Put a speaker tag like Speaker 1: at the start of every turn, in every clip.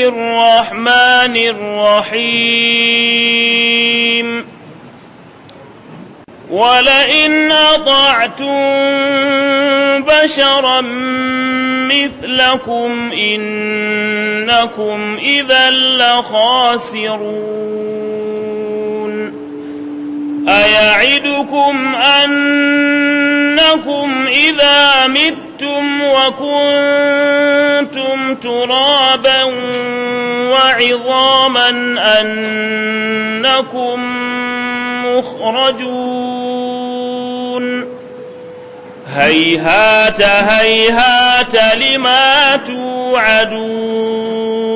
Speaker 1: الرحمن الرحيم ولئن أطعتم بشرا مثلكم إنكم إذا لخاسرون أيعدكم أنكم إذا متم وكنتم ترابا وعظاما أنكم مخرجون
Speaker 2: هيهات
Speaker 1: هيهات لما توعدون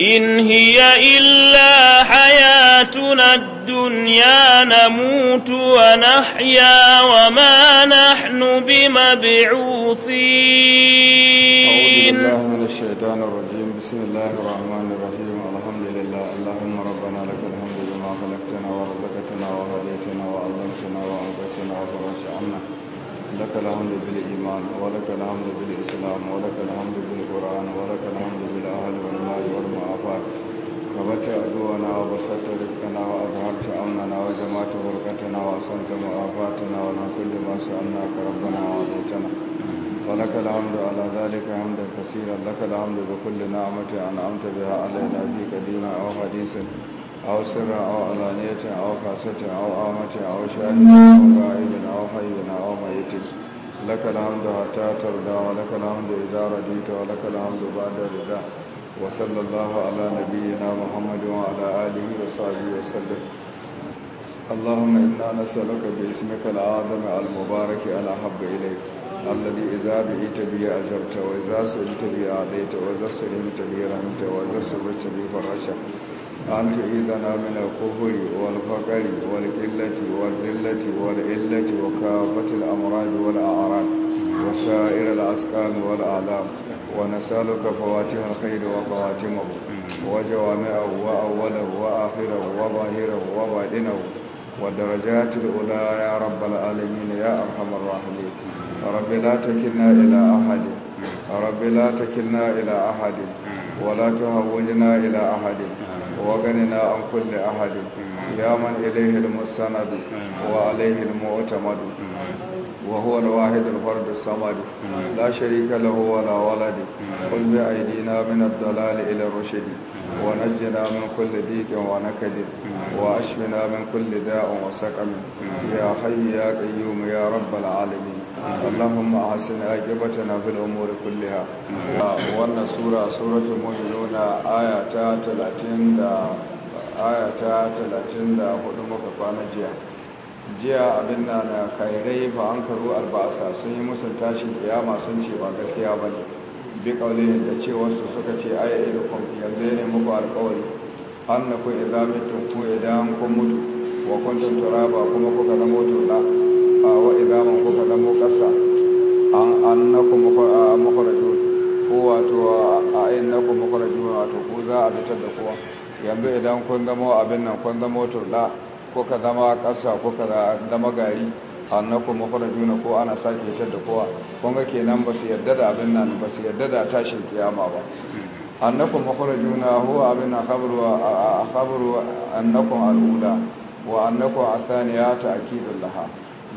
Speaker 1: إن هي إلا حياتنا الدنيا نموت ونحيا وما نحن بمبعوثين أعوذ
Speaker 2: بالله من الشيطان الرجيم بسم الله الرحمن الرحيم الحمد لله اللهم ربنا لك الحمد لما خلقتنا ورزقتنا وهديتنا وعلمتنا وأنفسنا وفرجت عنا لك الحمد wata abuwa na wa basata rizka na wa ta amna na wa jama'ata barkata na wa asanta mu'afata na wa nakul da masu amna ka rabbana wa zata na wa laka alhamdu ala zalika hamda kasira laka alhamdu bi kulli na'amati an amta biha alaina fi kadima aw hadisin aw sirra aw alaniyatin aw kasatin aw amati aw shahidin aw ra'ibin aw hayyin aw mayyitin laka alhamdu hatta tarda wa laka alhamdu idza radita wa laka alhamdu ba'da ridha وصلى الله على نبينا محمد وعلى آله وصحبه وسلم اللهم إنا نسألك باسمك العظم المبارك الأحب إليك الذي إذا بئت به أجبت وإذا سئلت به أعطيت وإذا سلمت به رحمت وإذا صبرت به فرشت أن تعيذنا من الكفر والفقر والقلة والذلة والإلة وكافة الأمراض والأعراض وسائر الأسكان والأعلام ونسألك فواتح الخير وخواتمه وجوامعه وأوله وآخره وظاهره وباطنه ودرجات الأولى يا رب العالمين يا أرحم الراحمين رب لا تكلنا إلى أحد رب لا تكلنا إلى أحد ولا تهوجنا إلى أحد وغننا عن كل أحد يا من إليه المستند وعليه المؤتمد وهو الواحد الفرد الصمد لا شريك له ولا ولد قل بأيدينا من الضلال إلى الرشد ونجنا من كل ضيق ونكد وأشفنا من كل داء وسقم يا حي يا قيوم يا رب العالمين اللهم أحسن عاقبتنا في الأمور كلها وأن سورة سورة المؤمنون آية 30 آية 34 muka kwana jiya jiya abin na da kairai ba an karo albasa sun yi musun tashin kiyama sun ce ba gaskiya ba ne bi kaule da ce wasu suka ce aya kwamfi yanzu ne muku alkawari an na ku idan mutum ku idan kun mutu wa tuntura ba kuma kuka zama tula a wa idan kuka zama kasa an an na ku makaraju ko wato a ayin na ku makaraju wato ku za a fitar da kowa yanzu idan kun zama abin nan kun zama tula ko ka zama ƙasa ko ka zama gari annakum juna ko ana sake fitar da kowa kun ga kenan ba su yarda da abin nan ba su yarda da tashin kiyama ba annakum mukhrajuna huwa abin khabru khabru annakum al-ula wa annakum athaniya ta'kidul laha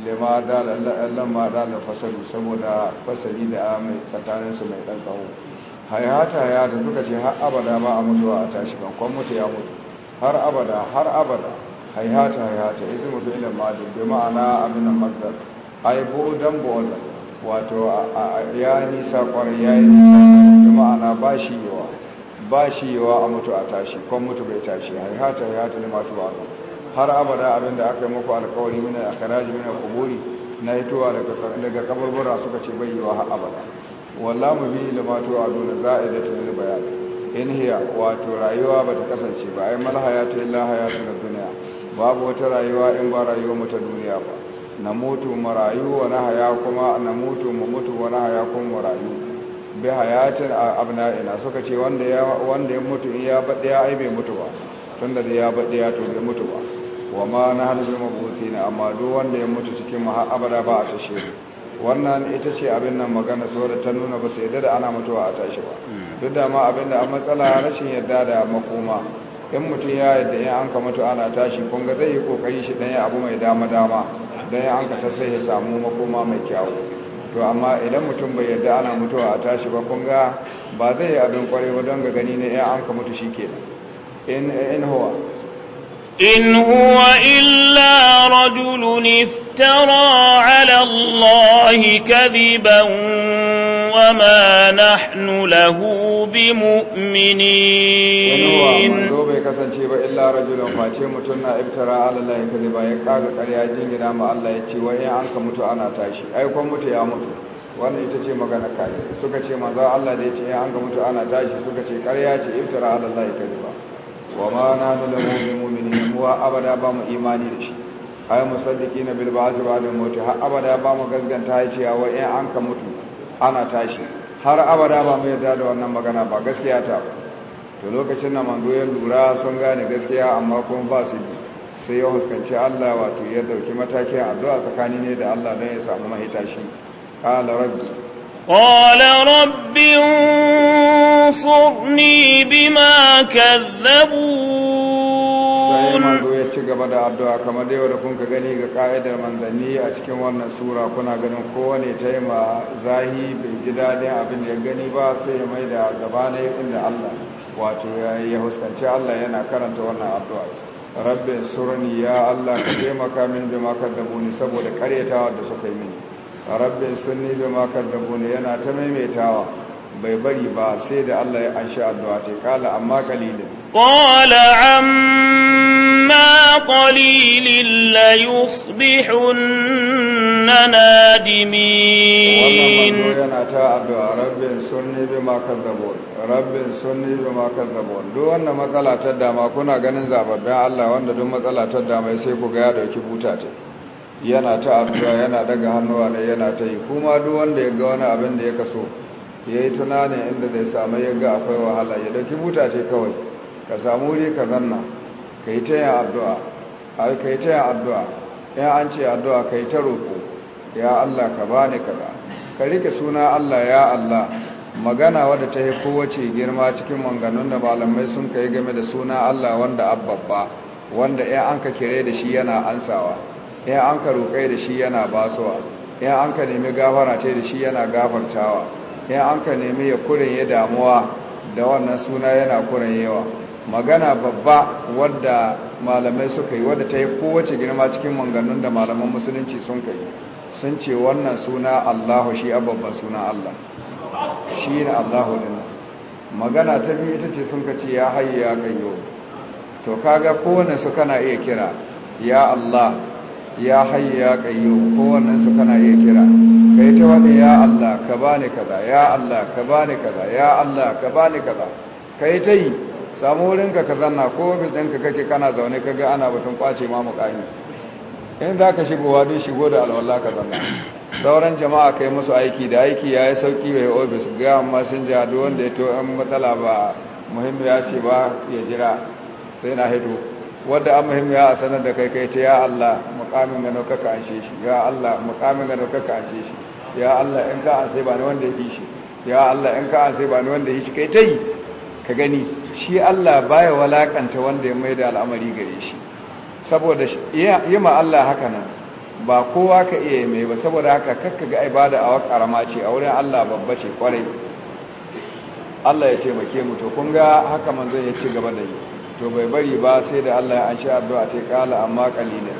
Speaker 2: lima dal lamma dal fasalu saboda fasali da mai tsakanin su mai dan tsawo hayata ya da suka ce har abada ba a mutuwa a tashi ban kwan mutu ya mutu har abada har abada hayata hayata ismu fi'ilin madi bi ma'ana abin masdar ai bu'udan bola wato ya nisa kwarai ya yi nisa bi ma'ana ba shi yawa ba shi yawa a mutu a tashi kon mutu bai tashi hayata hayata limatu abu har abada abin da aka yi muku alkawari a karaji mina kuburi na hitowa daga kaburbura suka ce bai yiwa har abada mu bi a yi da lil bayan in hiya wato rayuwa bata kasance ba ai mal ta illa na duniya babu wata rayuwa in ba rayuwa mu ta duniya ba na mutu rayu wa na haya kuma na mutu mu mutu wa na haya kuma rayu bi hayatin abna'ina suka ce wanda ya wanda ya mutu in ya baɗe ya ai bai mutu ba tunda da ya baɗe ya to bai mutu ba wa ma na halin mabutina amma duk wanda ya mutu cikin ma abada ba a tashe wannan ita ce abin nan magana saboda ta nuna ba sai da ana mutuwa a tashi ba hmm. duk da ma abin da an matsala rashin yarda da makoma in mutum ya yadda in an ka mutu ana tashi kun zai yi kokari shi dan abu mai dama dama dan an ka ta sai ya samu makoma mai kyau to amma idan mutum bai yadda ana mutuwa a tashi ba kun ba zai yi abin kwarai don ga gani ne in an ka mutu shi ke in in hawa
Speaker 1: إن هو إلا رجل افترى على الله كذبا وما نحن له
Speaker 2: بمؤمنين kasance ba illa rajulun face mutum na iftara ala lahi ya kaga karya jingina ma Allah ya ce wai mutu ana tashi ai mutu ya mutu wannan ita ce magana kai suka ce manzo Allah da ya ce an mutu ana tashi suka ce karya wa na nuna lahu bi mu'minin abada ba mu imani da shi ay musaddiki na bil ba'si da mauti har abada ba mu gasganta ya ce wa in an ka mutu ana tashi har abada ba mu yarda da wannan magana ba gaskiya ta ba to lokacin na manzo ya lura sun gane gaskiya amma kuma ba su bi sai ya huskanci Allah wato ya dauki matakin addu'a tsakani ne da Allah don ya samu mahita shi qala
Speaker 1: انصرني بما كذبوا
Speaker 2: sai ya ci gaba da addu'a kamar da yau kun ka gani ga ka'idar manzanni a cikin wannan sura kuna ganin kowane ta yi ma zahi bai ji daɗin abin da ya gani ba sai ya mai da gaba na inda Allah wato ya huskanci Allah yana karanta wannan addu'a rabbi surni ya Allah ka taimaka min bima kaddabuni saboda karyatawa da suka yi mini rabbi sunni bima kaddabuni yana ta maimaitawa bai bari ba sai da Allah ya anshi addu'a ta kala amma qalilin
Speaker 1: qala amma qalilin la yusbihun nadimin
Speaker 2: wannan yana ta addu'a rabbin sunni ma kadzabun rabbin sunni ma kadzabun duk wannan matsala ta dama kuna ganin zababben Allah wanda duk matsala ta dama sai ku ga ya dauki buta ta yana ta addu'a yana daga hannuwa ne yana ta yi kuma duk wanda ya ga wani abin da ya kaso ya yi tunanin inda zai samu yaga akwai wahala ya dauki buta ce kawai ka samu wuri ka zanna ka yi ta yin addu'a ai ka yi ta yin addu'a in an ce addu'a ka yi ta roƙo ya Allah ka bani kaza ka rike suna Allah ya Allah magana wadda ta yi kowace girma cikin manganun da malamai sun kai game da suna Allah wanda abbabba wanda ya an ka kire da shi yana ansawa ya an ka roƙai da shi yana basuwa ya an ka nemi gafara ce da shi yana gafartawa in an ka nemi ya kurin ya damuwa da wannan suna yana yawa. magana babba wadda malamai suka yi wadda ta yi kowace girma cikin manganun da malaman musulunci sun kai sun ce wannan suna allahu shi babban suna allah shi ne allahu din magana ta biyu ita ce sun kace ya hayyu ya kayyo to kaga kowane su kana iya kira ya allah ya hayi ya qayyu kowannen su kana iya kira kai ta wani ya Allah ka bani kaza ya Allah ka bani kaza ya Allah ka bani kaza kai ta yi samu wurin ka zanna ko ofis ɗinka kake kana zaune ka ga ana batun kwace ma mukami in za ka shigo duk shigo da alwala ka zanna sauran jama'a kai musu aiki da aiki ya yi sauki mai ofis ga masinja duk wanda ya to an matsala ba muhimmi ce ba ya jira sai na hido wadda an muhimmiya a sanar da kai kai ce ya Allah mukamin ga naukaka an shi ya Allah mukamin ga naukaka an shi ya Allah in ka an sai ba ni wanda ya yi shi ya Allah in ka an sai ba ni wanda ya yi shi kai ta yi ka gani shi Allah baya walakanta wanda ya mai da al'amari gare shi saboda yi ma Allah haka nan ba kowa ka iya yi mai ba saboda haka kakka ga ibada a karama ce a wurin Allah babba ce kwarai Allah ya taimake mu to kun ga haka manzon ya ci gaba da yi to bai bari ba sai da Allah ya sha addu'a ta kala amma kalilin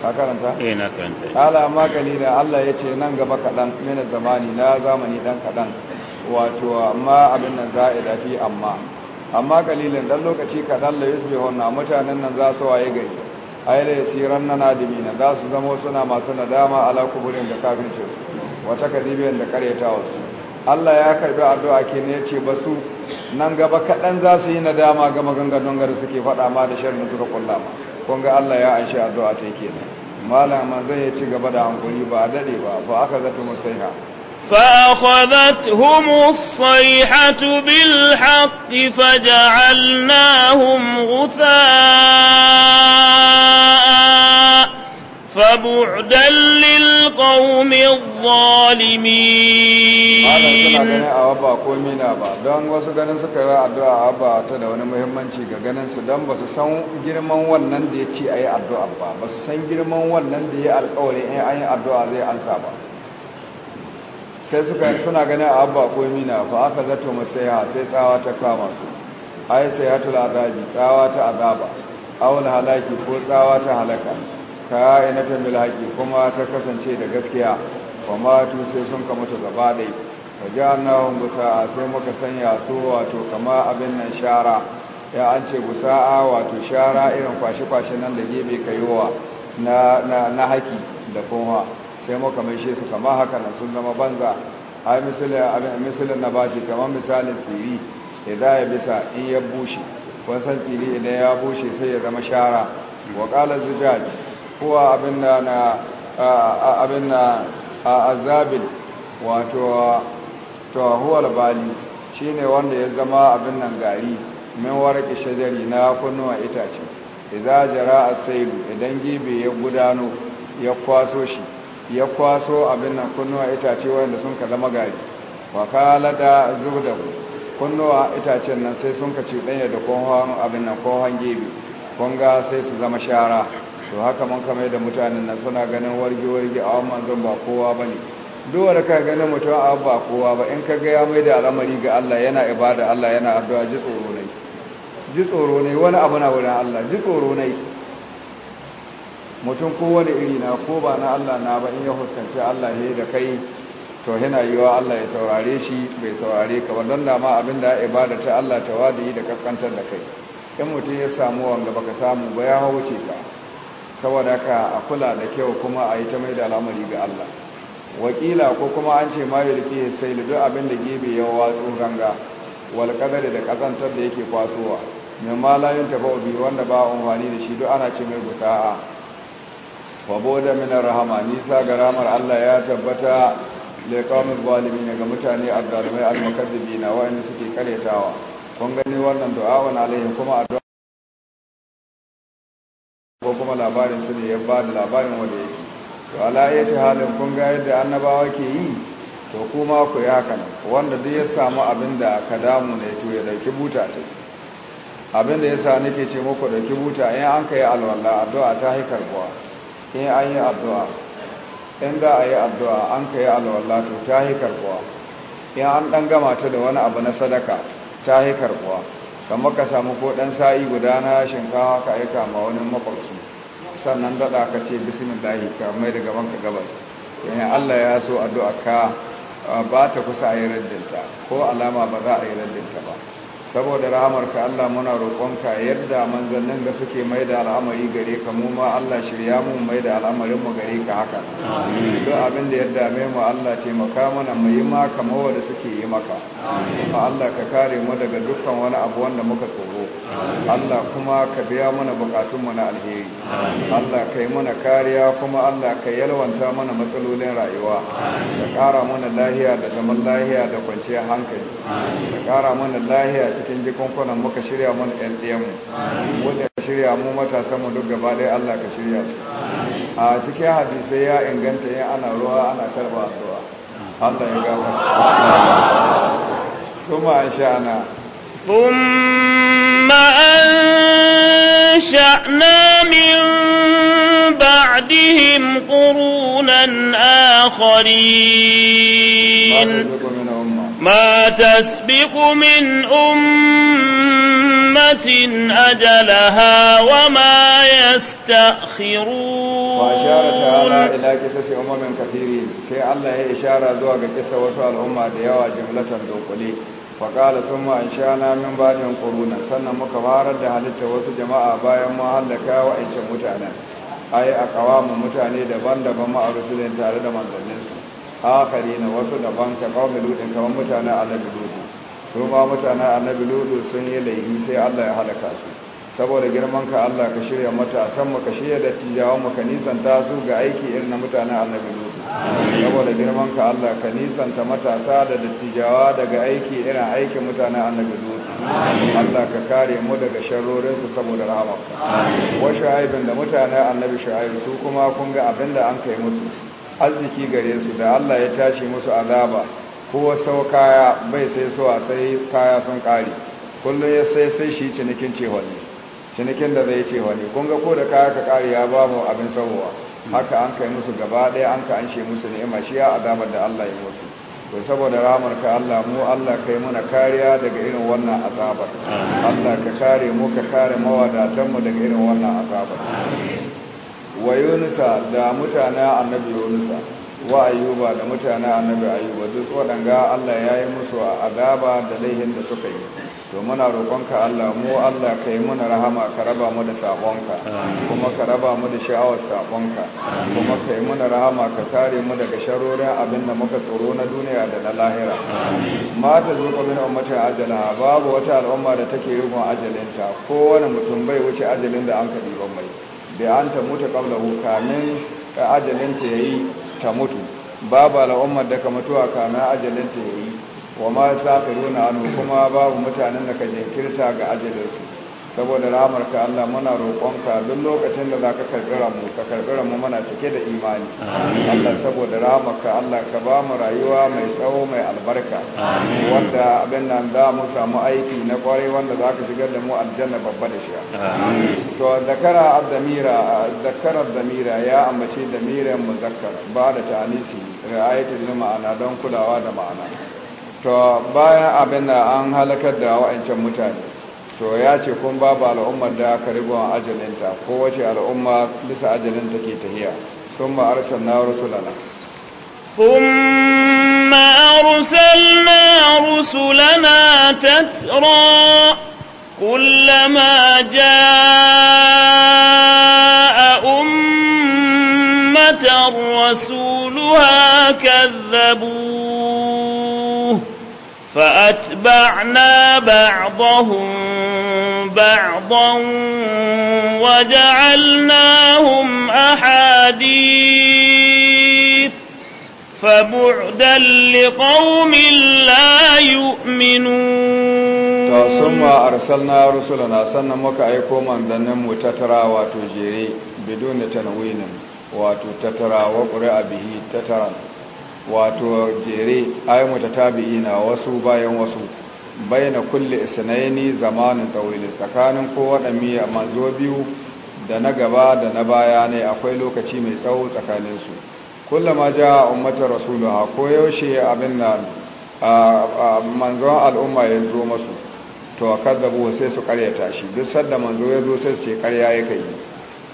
Speaker 2: ka karanta
Speaker 1: eh na karanta
Speaker 2: kala amma Allah ya ce nan gaba kadan mena zamani na zamani dan kadan wato amma abin nan za'ida fi amma amma kalilin dan lokaci kadan la na mutanen nan za su waye gari la yasiran na za su zama suna masu nadama ala kuburin da kafirce su wata kadibiyan da karyatawa su Allah ya karbi addu'a kenan ya ce basu nan gaba kaɗan za su yi nadama ga maganganun gari suke faɗa ma da sharrin suka kulla ma kun ga Allah ya anshi addu'a ta kenan malama zai ya ci gaba da hankuri ba a daɗe ba fa aka zata musaiha
Speaker 1: فأخذتهم الصيحة بالحق فجعلناهم غثاء فبعدا للقوم الظالمين ana suna ganin
Speaker 2: a ba komai ba don wasu ganin suka yi addu'a a ba ta da wani muhimmanci ga ganin su don ba su san girman wannan da ya ce a yi addu'a ba ba su san girman wannan da ya alkawari in an yi addu'a zai ansa ba sai suka suna ganin a ba komai na fa aka zato masaya sai tsawa ta kama su ai sai ya tula azabi tsawa ta azaba awul halaki ko tsawa ta halaka ka'inatan bil haqi kuma ta kasance da gaskiya wa matu sai sun ka mutu gaba dai fa ja'alnahum a sai muka sanya su wato kama abin nan shara ya an ce a wato shara irin kwashe-kwashe nan da gebe ka na wa na haki da kuma sai muka mai shi su kama haka nan sun zama banza a misalin na misalin kamar misalin tsiri idan ya bisa in ya bushe wasan tsiri idan ya bushe sai ya zama shara wakalar qala zujaj kowa abin da na abin a azabin wato to huwa bali shine wanda ya zama abin nan gari min warki shajari na kunnuwa itace idza jara asailu idan gibe ya gudano ya kwaso shi ya kwaso abin nan kunnuwa itace wanda sun ka zama gari wa kala da zubdahu kunnuwa itacen nan sai sun ka cuɗanya da kohon abin nan kohon gibe kun sai su zama shara to haka man kama da mutanen nan suna ganin warge-warge a wannan zan ba kowa ba ne duwar ka ganin mutum a ba kowa ba in ka ga ya mai da al'amari ga Allah yana ibada Allah yana addu'a ji tsoro ne ji tsoro ne wani abu na wurin Allah ji tsoro ne mutum ko wani iri na ko ba na Allah na ba in ya fuskanci Allah ne da kai to yana yiwa Allah ya saurare shi bai saurare ka wannan da ma abin da ibada ta Allah ta wadi da kaskantar da kai in mutum ya samu wanga baka samu ba ya wuce ka saboda ka a kula da kyau kuma a yi ta mai da al'amari ga Allah wakila ko kuma an ce ma yulki sai duk abin da gebe ya watsu ganga wal kadari da kazantar da yake kwasowa mai malayin tafa biyu wanda ba umfani da shi duk ana ce mai a waboda min rahama nisa ga ramar Allah ya tabbata da kawamin zalimi ga mutane addalmai al na wa'anda suke karetawa. kun gani wannan du'a wani alaihi kuma addu'a ko kuma labarin su ne ya ba da labarin wanda yake to ala ta halin kun ga yadda annabawa ke yi to kuma ku ya kan wanda duk ya samu abin da ka damu ne to ya dauki buta ta abin da sa nake ce muku dauki buta in an kai alwala addu'a ta haikar kuwa in an yi addu'a in za a yi addu'a an kai alwala to ta haikar kuwa in an dan gama ta da wani abu na sadaka ta haikar kuwa kamar ka samu ko ɗan sa'i guda na shinkawa ka aika ma wani makwabci sannan daɗa ka ce bismillahi ka mai da gaban ka gabas yana eh, Allah ya so addu'a ka ah, ba ta kusa a yi raddinta ko alama ba za a yi raddinta ba saboda ka Allah muna roƙonka yadda manzannin ga suke mai da al'amari gare ka mu ma Allah shirya mu mai da al'amarin mu gare ka haka duk abin da ya dame mu Allah taimaka mana mu yi ma kamar wanda suke yi maka Allah ka kare mu daga dukkan wani abu wanda muka tsoro Allah kuma ka biya mana bukatun mu na alheri Allah kai mana kariya kuma Allah ka yalwanta mana matsalolin rayuwa ka kara mana lahiya da zaman lahiya da kwanciyar hankali ka kara mana lahiya cikin jikunkunan muka shirya mana yan ɗiyanmu wanda ka shirya mu matasan mu duk gaba ɗaya Allah ka shirya su a cikin hadisai ya inganta yin ana ruwa ana karɓa addu'a Allah ya gawa suma an sha'ana
Speaker 1: ثم أنشأنا من بعدهم قرونا آخرين ما تسبق من أمة أجلها وما يستأخرون
Speaker 2: وأشار تعالى إلى قصص أمم كثيرين سي الله إشارة ذوق قصة وسوى الأمة ديوا جملة دوقلي فقال ثم أنشأنا من بعدهم قرونا سنة مكفارة دهالت وسو جماعة بايا مهلكا وإنشا متعنا أي أقوام متعني دبان دبان مع رسولين تعالى دمان دنسو akari na wasu daban ta kawai lutun kamar mutanen annabi lutu su ma mutanen annabi lutu sun yi laifi sai allah ya halaka su saboda girman ka allah ka shirya mata san ka shirya da tijawan mu ka ta su ga aiki irin na mutanen annabi lutu saboda girman ka allah ka nisan ta matasa da dattijawa daga aiki irin aikin mutanen annabi lutu allah ka kare mu daga sharorinsu saboda rahama wa shu'aibin da mutanen annabi shu'aib su kuma kun ga abin da an kai musu arziki gare su da Allah ya tashi musu azaba ko sau kaya bai sai suwa sai kaya sun kare kullum ya sai sai shi cinikin cewani cinikin da zai cewani kun ga ko da kaya ka kare ya ba mu abin sauwa haka an kai musu gaba ɗaya an ka an she musu ni'ima shi ya azabar da Allah ya musu to saboda ramar ka Allah mu Allah kai muna kariya daga irin wannan azabar Allah ka kare mu ka kare mawadatan mu daga irin wannan azabar wa yunusa da mutane annabi yunusa wa ayyuba da mutane annabi ayyuba duk waɗanga allah ya yi musu adaba da laihin da suka yi to muna roƙonka allah mu allah ka yi muna rahama ka raba mu da sabonka kuma ka raba mu da sha'awar sabonka kuma ka yi muna rahama ka kare mu daga sharorin abin da muka tsoro na duniya da na lahira Mata ta zo ka min ummatin ajala babu wata al'umma da take rikon ajalinta kowane mutum bai wuce ajalin da an kaɗi ba mai bai an ta mutu ƙablahu kamin ajalinta ya yi ta mutu babu al'ummar da ka mutuwa kamin ajalinta ya yi wa ma sa firuna kuma babu mutanen da ka jinkirta ga ajalinsu saboda rahamarka Allah muna roƙonka duk lokacin da za ka karɓi mu ka karɓi mu muna cike da imani Allah saboda rahamarka Allah ka ba mu rayuwa mai tsawo mai albarka wanda abin nan za mu samu aiki na kwarai wanda za ka shigar da mu aljanna babba da shi to zakara ad zakara ad ya ambace damiran muzakkar ba da ta'anisi ra'ayatul ma'ana don kulawa da ma'ana to bayan abin da an halakar da wa'ancan mutane to ya ce kun ba ba al'ummar da aka ribuwa ajalinta ko wace al'umma bisa ajalinta ke tahiya sun ma na rusulana
Speaker 1: ثم أرسلنا رسلنا تترى كلما جاء أمة رسولها كذبوا فأتبعنا بعضهم بعضا وجعلناهم أحاديث فبعدا لقوم لا يؤمنون ثم
Speaker 2: أرسلنا رسلنا سنة مكا أيكم أن دنمو تترى واتجري بدون تنوين واتترى وقرأ به تترى wato jere tabi'i na wasu bayan wasu bayana kulle isnaini zamanin tawilin tsakanin kowaɗanne miya manzo biyu da na gaba da na baya ne akwai lokaci mai tsawo tsakaninsu ma ja ummata rasuluha ko yaushe abin nan manzon al'umma ya zo masu to kazzabu sai su karyata shi duk sanda manzo ya zo sai su ce karya ya kai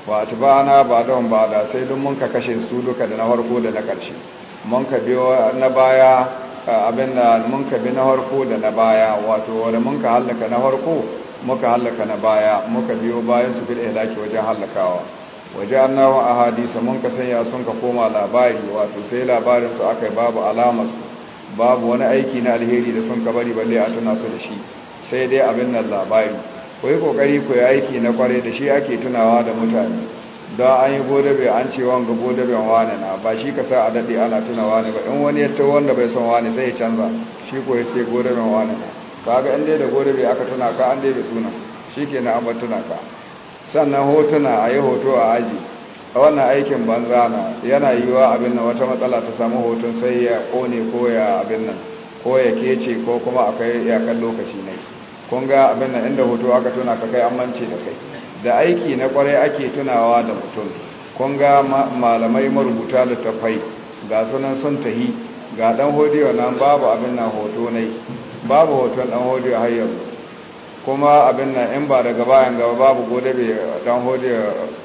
Speaker 2: ba ta ba na ba don ba da sai dun mun ka kashe su duka da na farko da na ƙarshe mun ka biyo na baya eh, abin da mun ka bi na harko da na baya wato wanda mun ka hallaka na harko muka hallaka na baya muka biyo bayan su bil ihlaki wajen hallakawa waje annahu ahadisa mun ka sanya sun ka koma labari wato sai labarin su akai babu alama su babu wani aiki na alheri da sun ka bari balle a tuna su da shi sai dai abin nan labari Koyi yi kokari aiki na kware da shi ake tunawa da mutane don an yi godabe an ce wanga godaben wane na ba shi ka sa a daɗe ana tuna wane ba in wani ya ta wanda bai son wane sai ya canza shi ko ya ce godaben wane na ka ga inda dai da godabe aka tuna ka an dai da tuna shi ke na abin tuna ka sannan hotuna a yi hoto a aji a wannan aikin banza na yana yiwa abin nan wata matsala ta samu hoton sai ya ƙone ko ya abin nan ko ya kece ko kuma ya kan lokaci ne kun ga abin nan inda hoto aka tuna ka kai an mance da kai da aiki na kwarai ake tunawa da mutum kun ga malamai marubuta da tafai ga sunan sun tahi ga dan hodiyo nan babu abin nan hoto ne babu hoton dan hodiyo har yanzu kuma abin nan in ba daga bayan gaba babu gode bai dan hodiyo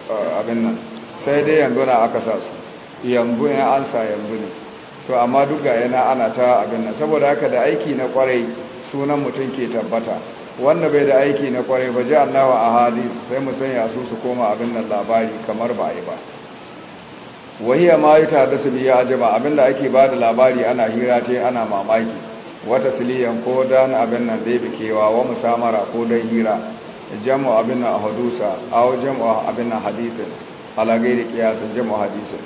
Speaker 2: eh, abin nan sai dai yanzu na aka sa su yanzu ne an sa yanzu ne to amma duk ga yana ana ta abin nan saboda haka da aiki na kwarai sunan mutum ke tabbata wanda bai da aiki na kwarai ba ji allawa a hadi sai mu sanya su su koma abin nan labari kamar ba yi ba wahiya ma yi ta da su biya ajaba abin da ake ba da labari ana hira ce ana mamaki wata siliyan ko dan abin nan da ya bikewa wa musamara ko dan hira jamu abin nan a hadusa aw jamu abin nan hadithin ala gairi kiyasin jamu hadisin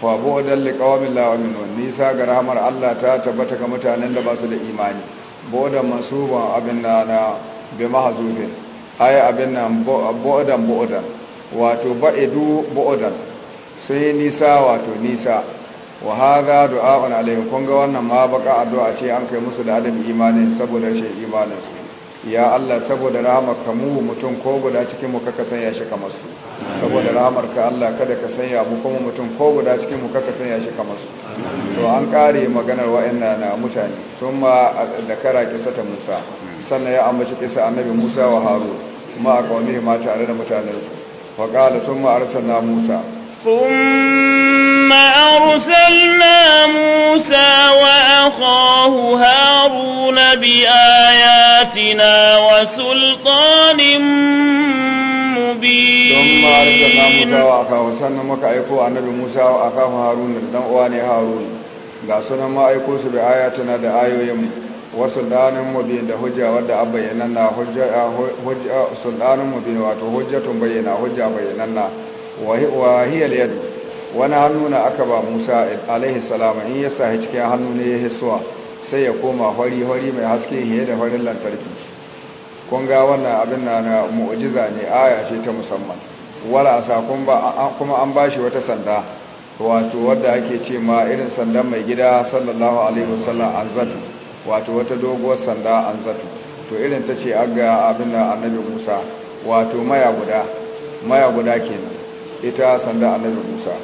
Speaker 2: fa bu dalli qawamin la yu'minun nisa ga rahmar Allah ta tabbata ga mutanen da ba su da imani boda masuban abin na bi mahazufin ayi abin nan bo'odan bo'odan wato ba'idu bo'odan Sai nisa wato nisa wa du'a du'a'un alaihi kun ga wannan ma baka addu'a ce an kai musu da adam imanin saboda shi imanin
Speaker 1: su
Speaker 2: ya Allah saboda rahamar ka mu mutum ko guda cikin mu kaka sanya shi kamar su saboda rahamar ka Allah kada ka sanya mu kuma mutum ko guda cikin mu kaka sanya shi kamar su to an kare maganar wa'annan mutane sun ma da kara kisa ta Musa Sannan ya amince ke sa a naɓi Musa wa Haruwa kuma aka wani hima tare da mutanen su. Waƙa na son Musa.
Speaker 1: Mun ma'aurasar na Musa wa kohu Haru na biya ya tunawa sulƙonin mu biyar.
Speaker 2: Don mu'ar sa na Musa wa kawa, sannan muka aiko a naɓin Musa a kama Haruwa da Ga sanan maaikosu biyar ta da ayoyinmu. wasu danin mubin da hujja wadda a bayyana na hujja suldanin mubin wato hujjatun bayyana hujja bayyana na wahiyar yadda wani hannu na aka ba Musa alaihi salama in ya sahi cikin hannu ne ya hisuwa sai ya koma hori hori mai haske hiye da horin lantarki kun ga wannan abin na na mu'ujiza ne aya ce ta musamman wala ba kuma an ba shi wata sanda wato wadda ake ce ma irin sandan mai gida sallallahu alaihi wasallam zato. wato wata doguwar sanda an zato to irin ta ce aga abin da annabi musa wato maya guda maya guda kenan ita sanda annabi musa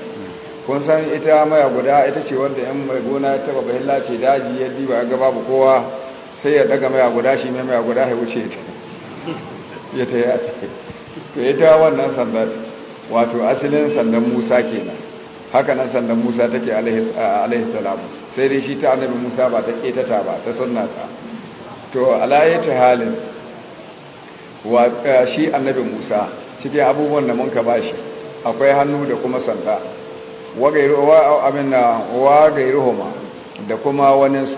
Speaker 2: kun san ita maya guda ita ce wanda yan mai gona ya taba bayan ce daji ya diba ga babu kowa sai ya daga maya guda shi mai maya guda ya wuce ta ya ta ya to ita wannan sanda wato asalin sandan musa kenan haka nan sandan musa take alaihi salamu sai dai shi ta annabi musa ba ta ƙetata ba ta sunnata to alayyata halin eh, shi annabi musa cikin abubuwan da munka ba shi akwai hannu da kuma sanda wa gairuhuma da kuma waninsu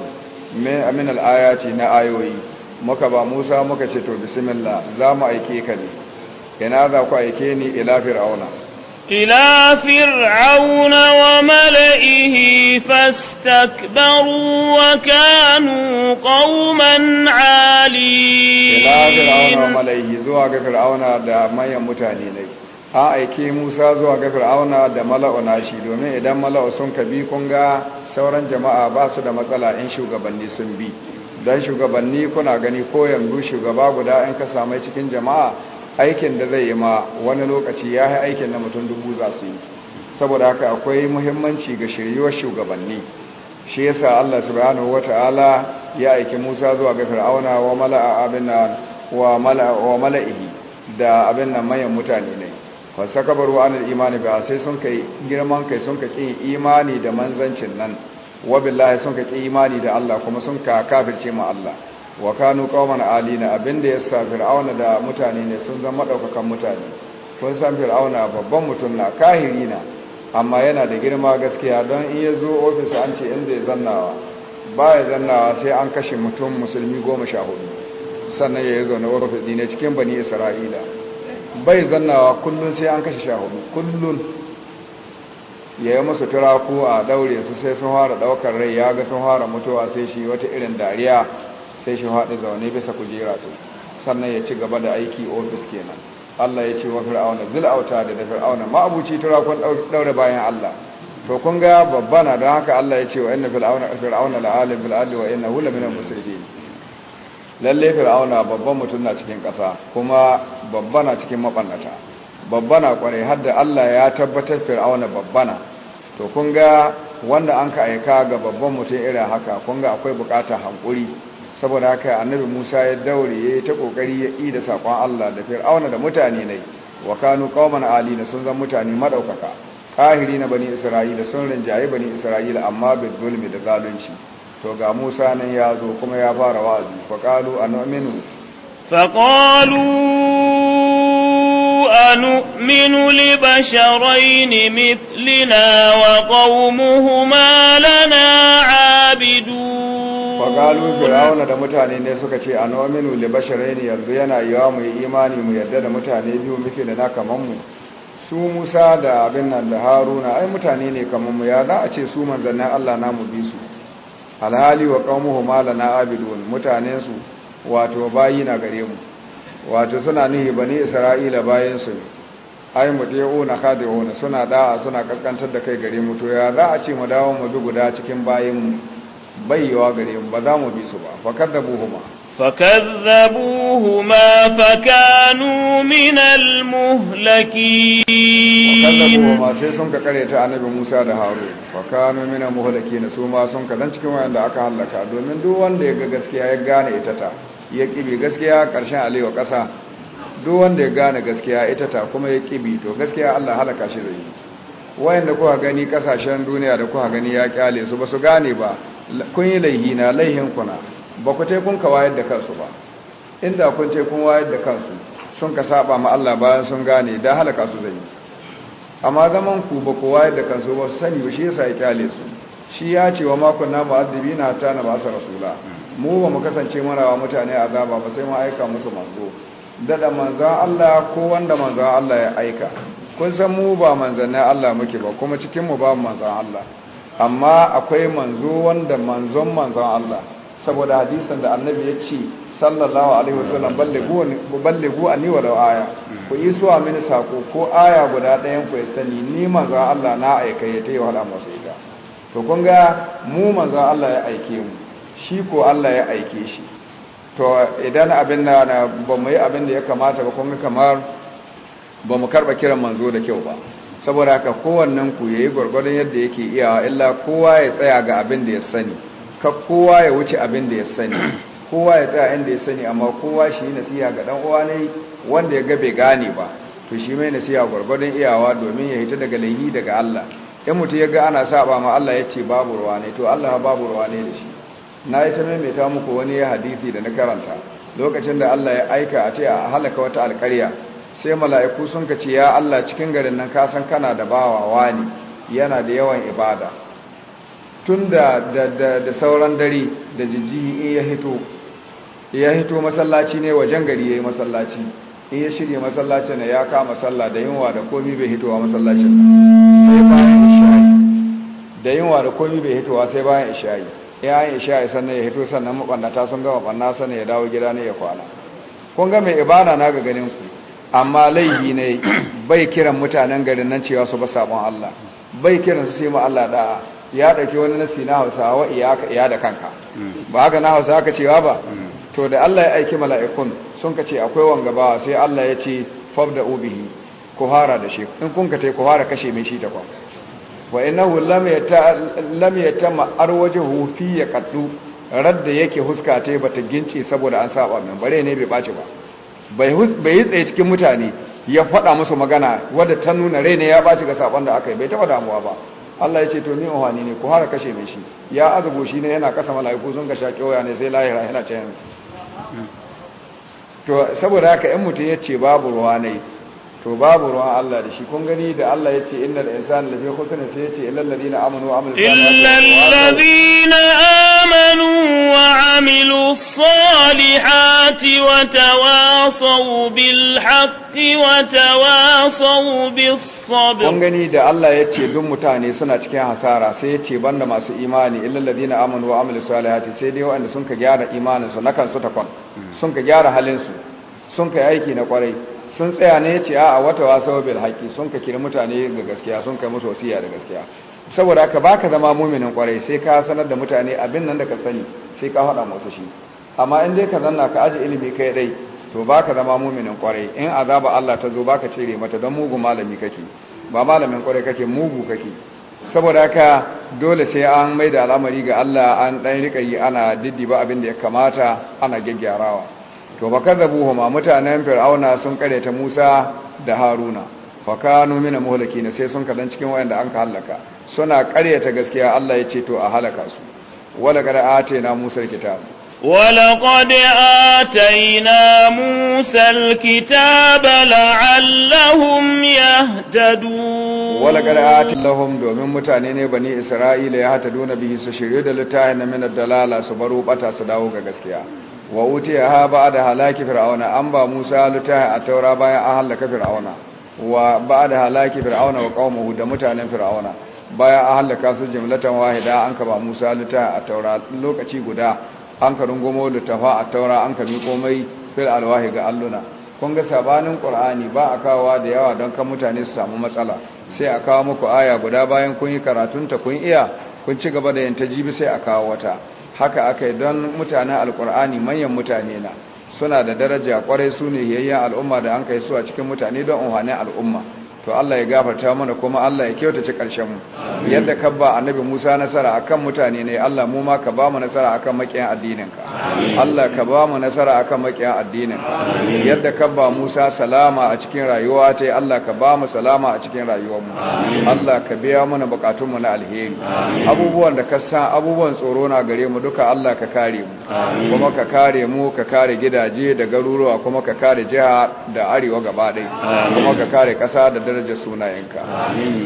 Speaker 2: min al'ayati na ayoyi muka ba musa muka ce to bismillah za mu aike ka ne ina za ku aike ni ila fir'auna
Speaker 1: إلى فرعون وملئه فاستكبروا وكانوا قوما عالين إلى فرعون
Speaker 2: وملئه زوا a aike Musa zuwa ga Fir'auna da na shi domin idan mala'u sun ka bi kunga sauran jama'a ba su da matsala in shugabanni sun bi dan shugabanni kuna gani ko yanzu shugaba guda in ka samai cikin jama'a aikin da zai yi ma wani lokaci ya yi aikin na mutum dubu za su yi saboda haka akwai muhimmanci ga shiryuwar shugabanni shi ya sa Allah subhanahu ta'ala ya aiki Musa zuwa ga Fir'auna wa mala'a mala'ihi da abin nan mayan mutane ne fasakabaru anil imani ba sai sun kai girman kai sun ka imani da manzancin nan wa billahi sun ka imani da Allah kuma sun ka kafirce ma Allah wa kanu qauman alina abinda ya sa fir'auna da mutane ne sun zama daukakan mutane kun san fir'auna babban mutum na kahiri na amma yana da girma gaskiya don in ya zo ofis an ce in zai zannawa ba ya zannawa sai an kashe mutum musulmi goma sha hudu sannan ya yi zaune ofis ne cikin bani isra'ila bai zannawa kullum sai an kashe sha hudu kullum ya yi musu turaku a daure su sai sun fara daukar rai ya ga sun fara mutuwa sai shi wata irin dariya sai shi haɗe zaune bisa kujera su sannan ya ci gaba da aiki ofis kenan Allah ya ce wa fir'auna zil'auta da da fir'auna tura kun daure bayan Allah to kun ga babba na don haka Allah ya ce wa inna fir'auna fir'auna la'alim bil ardi wa innahu laminal musrifin lalle fir'auna babban mutum na cikin kasa kuma babba na cikin mabannata babba na kware har da Allah ya tabbatar fir'auna babba na to kun ga wanda an ka aika ga babban mutum irin haka kun ga akwai bukatar hankuri saboda haka annabi Musa ya daure yayi ta kokari ya yi da sakon Allah da Fir'auna da mutane ne wa kanu qauman na sun zan mutane madaukaka kahiri na bani Isra'ila sun rinjaye bani Isra'ila amma bil zulmi da zalunci to ga Musa nan ya zo kuma ya fara wa'azi fa qalu anu'minu
Speaker 1: fa qalu أنؤمن لبشرين wa وقومهما لنا عابدون
Speaker 2: galu firawuna da mutane ne suka ce a nominu libashirai ne yanzu yana yiwa mu yi imani mu yadda da mutane biyu muke da na kaman mu su musa da abin nan da haruna ai mutane ne kaman mu ya za a ce su manzannin allah na mu bi su alhali wa qaumuhu malana abidun mutane su wato bayi na gare mu wato suna nihi bani isra'ila bayan su ai muti'u na khadi'u suna da'a suna kankantar da kai gare mu to ya za a ce mu dawo mu bi guda cikin bayin mu bayyawa gare mu ba za mu bi su ba fakar da buhuma
Speaker 1: فكذبوهما فكانوا من المهلكين
Speaker 2: فكذبوهما sai sun ka kareta annabi Musa da Harun fakanu min al-muhlakin su ma sun ka dan cikin wanda aka halaka domin duk wanda ya ga gaskiya ya gane ita ta ya kibi gaskiya karshen alewa kasa duk wanda ya gane gaskiya ita ta kuma ya kibi to gaskiya Allah halaka shi zai yi wayanda kuka gani kasashen duniya da kuka gani ya kyale su ba su gane ba kun yi laihi na laihin kuna ba ku te ka wayar da kansu ba inda kun te wayar da kansu sun ka saba ma Allah bayan sun gane da halaka su zai amma zaman ku ba ku wayar da kansu ba su sani ba shi yasa ya kyale su shi ya ce wa makon na mu'azzabi na ta na ba rasula mu ba mu kasance marawa mutane azaba ba sai mu aika musu manzo dada manzan Allah ko wanda manzan Allah ya aika kun san mu ba manzannin Allah muke ba kuma cikin mu ba manzan Allah amma akwai manzo wanda manzon manzon Allah saboda hadisan da annabi ya ce sallallahu alaihi wasallam ballegu a ni walau aya ku yi suwa mini sako ko aya guda ɗayan ku ya sani ni manzon Allah na aika ya taiwa hada masu ita to kun ga mu manzon Allah ya aike mu shi ko Allah ya aike shi to idan abin na ba mu yi abin da ya kamata ba kun kamar ba mu karɓa kiran manzo da kyau ba saboda haka kowannen ku yayi gwargwadon yadda yake iyawa illa kowa ya tsaya ga abin da ya sani ka kowa ya wuce abin da ya sani kowa ya tsaya inda ya sani amma kowa shi nasiha ga dan uwa ne wanda ya ga bai gane ba to shi mai nasiha gwargwadon iyawa domin ya hita daga laihi daga Allah in mutum ya ga ana saba ma Allah yace babu ruwa ne to Allah babu ruwa ne da shi na yi ta maimaita muku wani hadisi da na karanta lokacin da Allah ya aika a ce a halaka wata alƙarya sai mala'iku sun ka ce ya Allah cikin garin nan kasan kana da bawawa ne yana da yawan ibada tun da sauran dare da jijji in ya hito ya hito masallaci ne wajen gari ya yi masallaci in ya shirya na ya kama sallah da yunwa da komi bai hitowa masallacin sai bayan isha'i da yinwa da komi bai hitowa sai bayan ya yayin isha'i sannan ya hito sannan mabannata sun gama banna sannan ya dawo gida ne ya kwana kun ga mai ibada na ga ganin ku amma laihi ne bai kiran mutanen garin nan cewa su ba sabon Allah bai kiran su sai ma Allah da ya dauki wani nasi na Hausawa wa iyaka iya da kanka ba haka na Hausa aka cewa ba to da Allah ya aiki mala'ikun sun ka ce akwai wanga ba sai Allah ya ce fabda ubihi ku hara da shi in kun ka tai ku hara kashe mai shi takwa kwa wa innahu lam yata lam yatama arwajuhu fi yaqaddu radda yake huska tai bata gince saboda an saba min bare ne bai baci ba bai yi tsaye cikin mutane ya faɗa musu magana wadda ta nuna ne ya baci ga saɓon da aka yi bai taɓa damuwa ba Allah ya ce to ni ohani ne ku hara kashe mai shi ya azubo shi ne yana kasa mala'iku sun ga shaƙi waya ne sai lahira yana can to saboda haka yan mutum ya ce babu ruwa ne to babu ruwa Allah da shi kun gani da Allah ya ce innal insana lafi khusrin sai ya ce illal ladina amanu wa amilus salihati illal
Speaker 1: ladina amanu wa وعملوا الصالحات وتواصوا بالحق وتواصوا بالصبر kun
Speaker 2: gani da Allah ya ce duk mutane suna cikin hasara sai ya ce banda masu imani illal ladina amanu wa amilu salihati sai dai wanda sun ka gyara imanin su nakan su takwan sun ka gyara halin su sun ka aiki na kwarai sun tsaya ne ya ce a wata wasa bil haqi sun ka kiri mutane ga gaskiya sun kai musu wasiya da gaskiya saboda haka ka zama muminin kwarai sai ka sanar da mutane abin nan da ka sani sai ka haɗa masu shi amma in dai ka zanna ka aji ilimi kai dai to ba ka zama muminin kwarai in azaba Allah ta zo ba ka cire mata don mugu malami kake ba malamin kwarai kake mugu kake saboda ka dole sai an mai da al'amari ga Allah an dan rika yi ana diddiba abin da ya kamata ana gyaggyarawa to ka da ma mutanen fir'auna sun kare Musa da Haruna fakanu mina muhlaki na sai sun dan cikin wayanda an ka halaka suna karyata gaskiya Allah ya ce to a halaka
Speaker 1: su wala kada atayna Musa kitab wala qad atayna Musa alkitab la'allahum
Speaker 2: yahtadu wala kad atallahum domin mutane ne bani Isra'ila ya hata, dona bihi su shirye da litahin min dalala su baro bata su dawo ga gaskiya wa utiya ha da halaki fir'auna an ba Musa litahin a taura bayan an halaka fir'auna wa da halaki fir'auna wa qaumuhu da mutanen fir'auna baya a halaka su jimlatan wahida an ka ba Musa lita a taura lokaci guda an ka rungumo tafa a taura an ka miƙo mai fil alwahi ga alluna kun ga sabanin qur'ani ba a kawowa da yawa don kan mutane su samu matsala sai a kawo muku aya guda bayan kun yi karatunta kun iya kun ci gaba da yanta jibi sai a kawo wata haka aka yi don mutanen alqur'ani manyan mutane na suna da daraja kwarai su ne yayyan al'umma da an kai su a cikin mutane don unhane al'umma to Allah ya gafarta mana kuma Allah ya kyautace karshen mu yadda ka ba annabi Musa nasara akan mutane ne Allah mu ma ka ba mu nasara akan makiyan addinin ka Allah ka ba mu nasara akan makiyan addinin ka yadda ka ba Musa salama a cikin rayuwa ta Allah ka ba mu salama a cikin rayuwar mu Allah ka biya mana bukatun mu na alheri abubuwan da ka sa abubuwan tsoro na gare mu duka Allah ka kare mu kuma ka kare mu ka kare gidaje da garuruwa kuma ka kare jiha da arewa gaba ɗaya kuma ka kare ƙasa da daraja sunayenka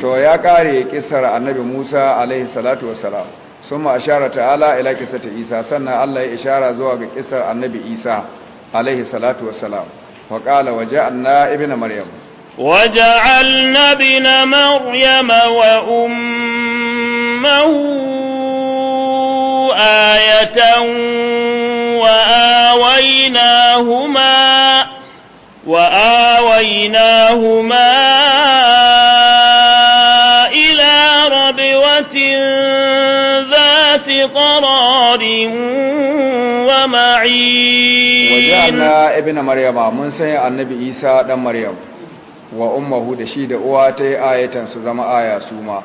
Speaker 2: to ya kare kisar annabi Musa alaihi salatu wassalam summa ashara ta'ala ila kisata Isa sannan Allah ya ishara zuwa ga kisar annabi Isa alaihi
Speaker 1: salatu wassalam wa qala waja'alna ibna maryam waja'alna ibna maryama wa ummuhu ayatan wa awaynahuma وآويناهما إلى ربوة ذات قرار ومعين وجعلنا
Speaker 2: ابن مريم من سيء النبي عيسى دم مريم وأمه دشيد أواتي آية سزم آية سوما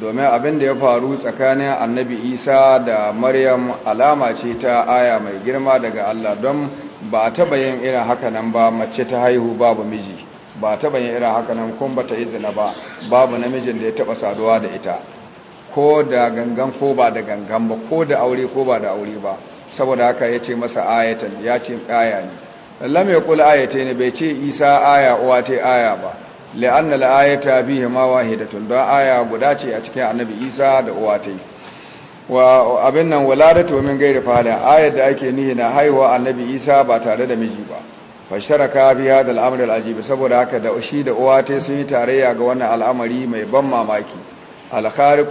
Speaker 2: domin abin da ya faru tsakanin annabi isa da maryam alama ce ta aya mai girma daga allah don ba a bayan yin irin hakanan ba mace ta haihu babu miji ba a bayan yin irin hakanan kun ba ta izina ba babu namijin da ya taba saduwa da ita ko da gangan ko ba da gangan ba ko da aure ko ba da aure ba saboda haka ya ce masa ayatan ya ce aya ne lam ya kula ayatai ne bai ce isa aya uwa ta aya ba la'anna al'ayata bihi ma wahidatun don aya guda ce a cikin annabi Isa da uwatai wa abin nan waladatu min gairi fala ayar da ake nihi na haihuwa annabi Isa ba tare da miji ba fasharaka bi hadal amr al saboda haka da shi da uwatai sun yi tarayya ga wannan al'amari mai ban mamaki al-khariqu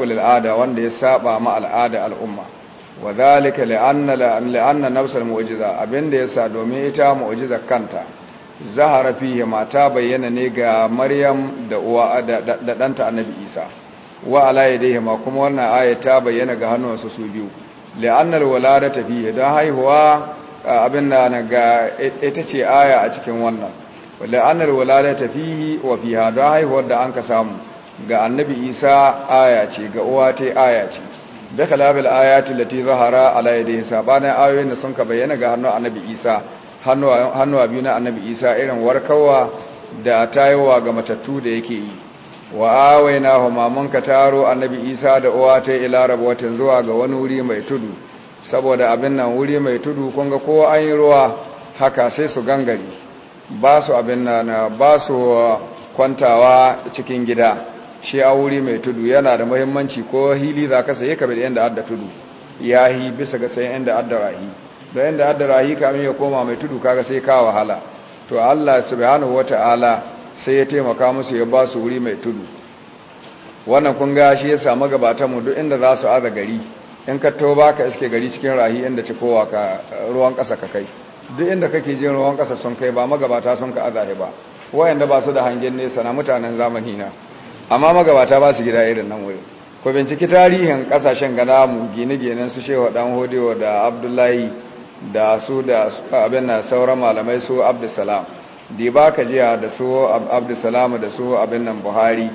Speaker 2: wanda ya saba ma al'ada al'umma wa zalika nafsar mu'ujiza nafsal mu'jiza abinda yasa domin ita mu'jiza kanta zahara fiye mata bayyana ne ga maryam da uwa da ɗanta annabi isa wa alaye dai ma kuma wannan aya ta bayyana ga hannuwansu su biyu la'annar walada ta fiye don haihuwa abin da na ga e, ita ce aya a cikin wannan la'annar walada ta fiye wa fiha don haihuwar da an ka samu ga annabi isa aya ce ga uwa ta aya ce da kalabil ayati lati zahara alaye dai sabanin ayoyin da sun ka bayyana ga hannun annabi isa hannuwa biyu na annabi isa irin warkarwa da tayowa ga matattu da yake yi wa awai na hamamun taro annabi isa da uwa ta ila watan zuwa ga wani wuri mai tudu saboda abin nan wuri mai tudu kun ga kowa an yi ruwa haka sai su gangari ba su abin nan ba su kwantawa cikin gida shi a wuri mai tudu yana da muhimmanci ko hili za ka saye ka bi da yadda adda tudu ya hi bisa ga sayan yadda adda rahi da yadda adda rahi kamin ya koma mai tudu kaga sai ka wahala to Allah subhanahu wata'ala sai ya taimaka musu ya ba su wuri mai tudu wannan kun shi ya samu gabatan mu duk inda za su aza gari in ka ba ka iske gari cikin rahi inda ci kowa ka ruwan ƙasa ka kai duk inda kake jin ruwan ƙasa sun kai ba magabata sun ka aza ba wayanda ba su da hangen nesa na mutanen zamani na amma magabata ba su gida irin nan wuri ku binciki tarihin kasashen gana mu gine-ginen su shehu dan hodewa da abdullahi da su da abin na sauran malamai su abdussalam di ba ka jiya da su abdussalam da su abin nan buhari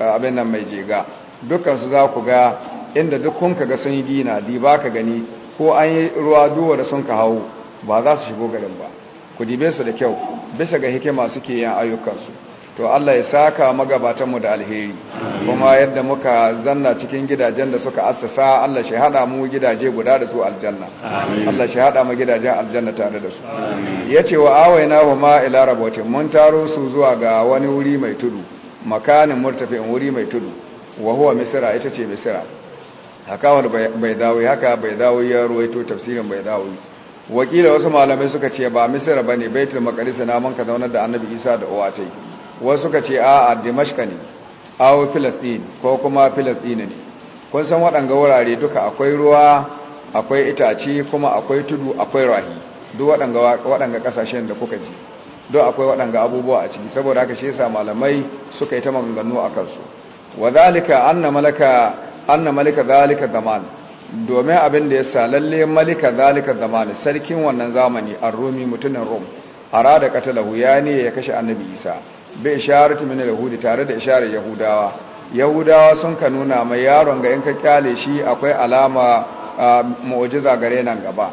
Speaker 2: eh, abin nan mai jega dukansu za ku ga inda duk kun ga sun yi gina di ba ka gani ko an yi ruwa duwa da sun ka hau ba za su shigo garin ba ku dibe su da kyau bisa ga hikima suke yin ayyukansu to Allah ya saka magabatanmu da alheri kuma yadda muka zanna cikin gidajen da suka assasa Allah shi hada mu gidaje guda da su aljanna Allah shi hada mu gidajen aljanna tare da su yace wa awaina ma ila rabotin mun taro su zuwa ga wani wuri mai tudu makanin murtafin wuri mai tudu wa huwa misra ita ce misra wani bai dawo haka bai dawo ya ruwaito tafsirin bai dawo wakila wasu malamai suka ce ba misra bane baitul maqdis na man ka zaunar da annabi Isa da uwatai wasu ka ce a a dimashka ne awo filistin ko kuma filistin ne kun san waɗanga wurare duka akwai ruwa akwai itace kuma akwai tudu akwai rahi duk waɗanga ƙasashen da kuka ji don akwai waɗanga abubuwa a ciki saboda haka shi yasa malamai suka yi ta maganganu a kansu wa zalika anna malaka malika zalika zaman domin abin da yasa lalle malika zalika zaman sarkin wannan zamani ar-rumi a rum katalahu ya ne ya kashe annabi isa bi isharatu min al-yahudi tare da isharar yahudawa yahudawa sun ka nuna mai yaron ga in ka kyale shi akwai alama mu'jiza gare nan gaba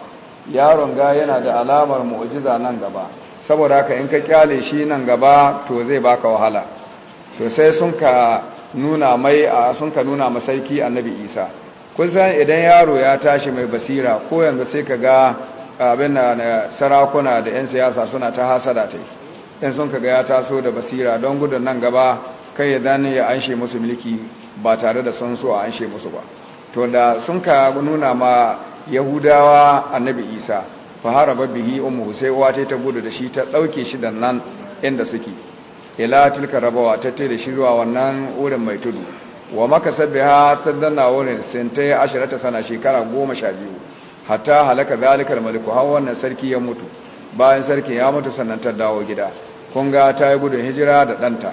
Speaker 2: yaron ga yana da alamar mu'jiza nan gaba saboda ka in ka kyale shi nan gaba to zai baka wahala to sai sun ka nuna mai sun ka nuna masaiki annabi isa kusan idan yaro ya tashi mai basira ko yanzu sai ka ga abin da sarakuna da 'yan siyasa suna ta hasada ta yi in sun kaga ya taso da basira don gudun nan gaba kai ya dani ya anshe musu mulki ba tare da sun so a anshe musu ba to da sun ka nuna ma yahudawa annabi isa fa haraba bihi ummu sai uwa ta ta gudu da shi ta dauke shi da nan inda suke ila tilka rabawa ta tai da shi zuwa wannan wurin mai tudu wa maka sabbiha ta danna wurin sintai ashirata sana shekara goma sha biyu hatta halaka zalikal maliku har wannan sarki ya mutu bayan sarki ya mutu sannan ta dawo gida kun ta yi gudun hijira da ɗanta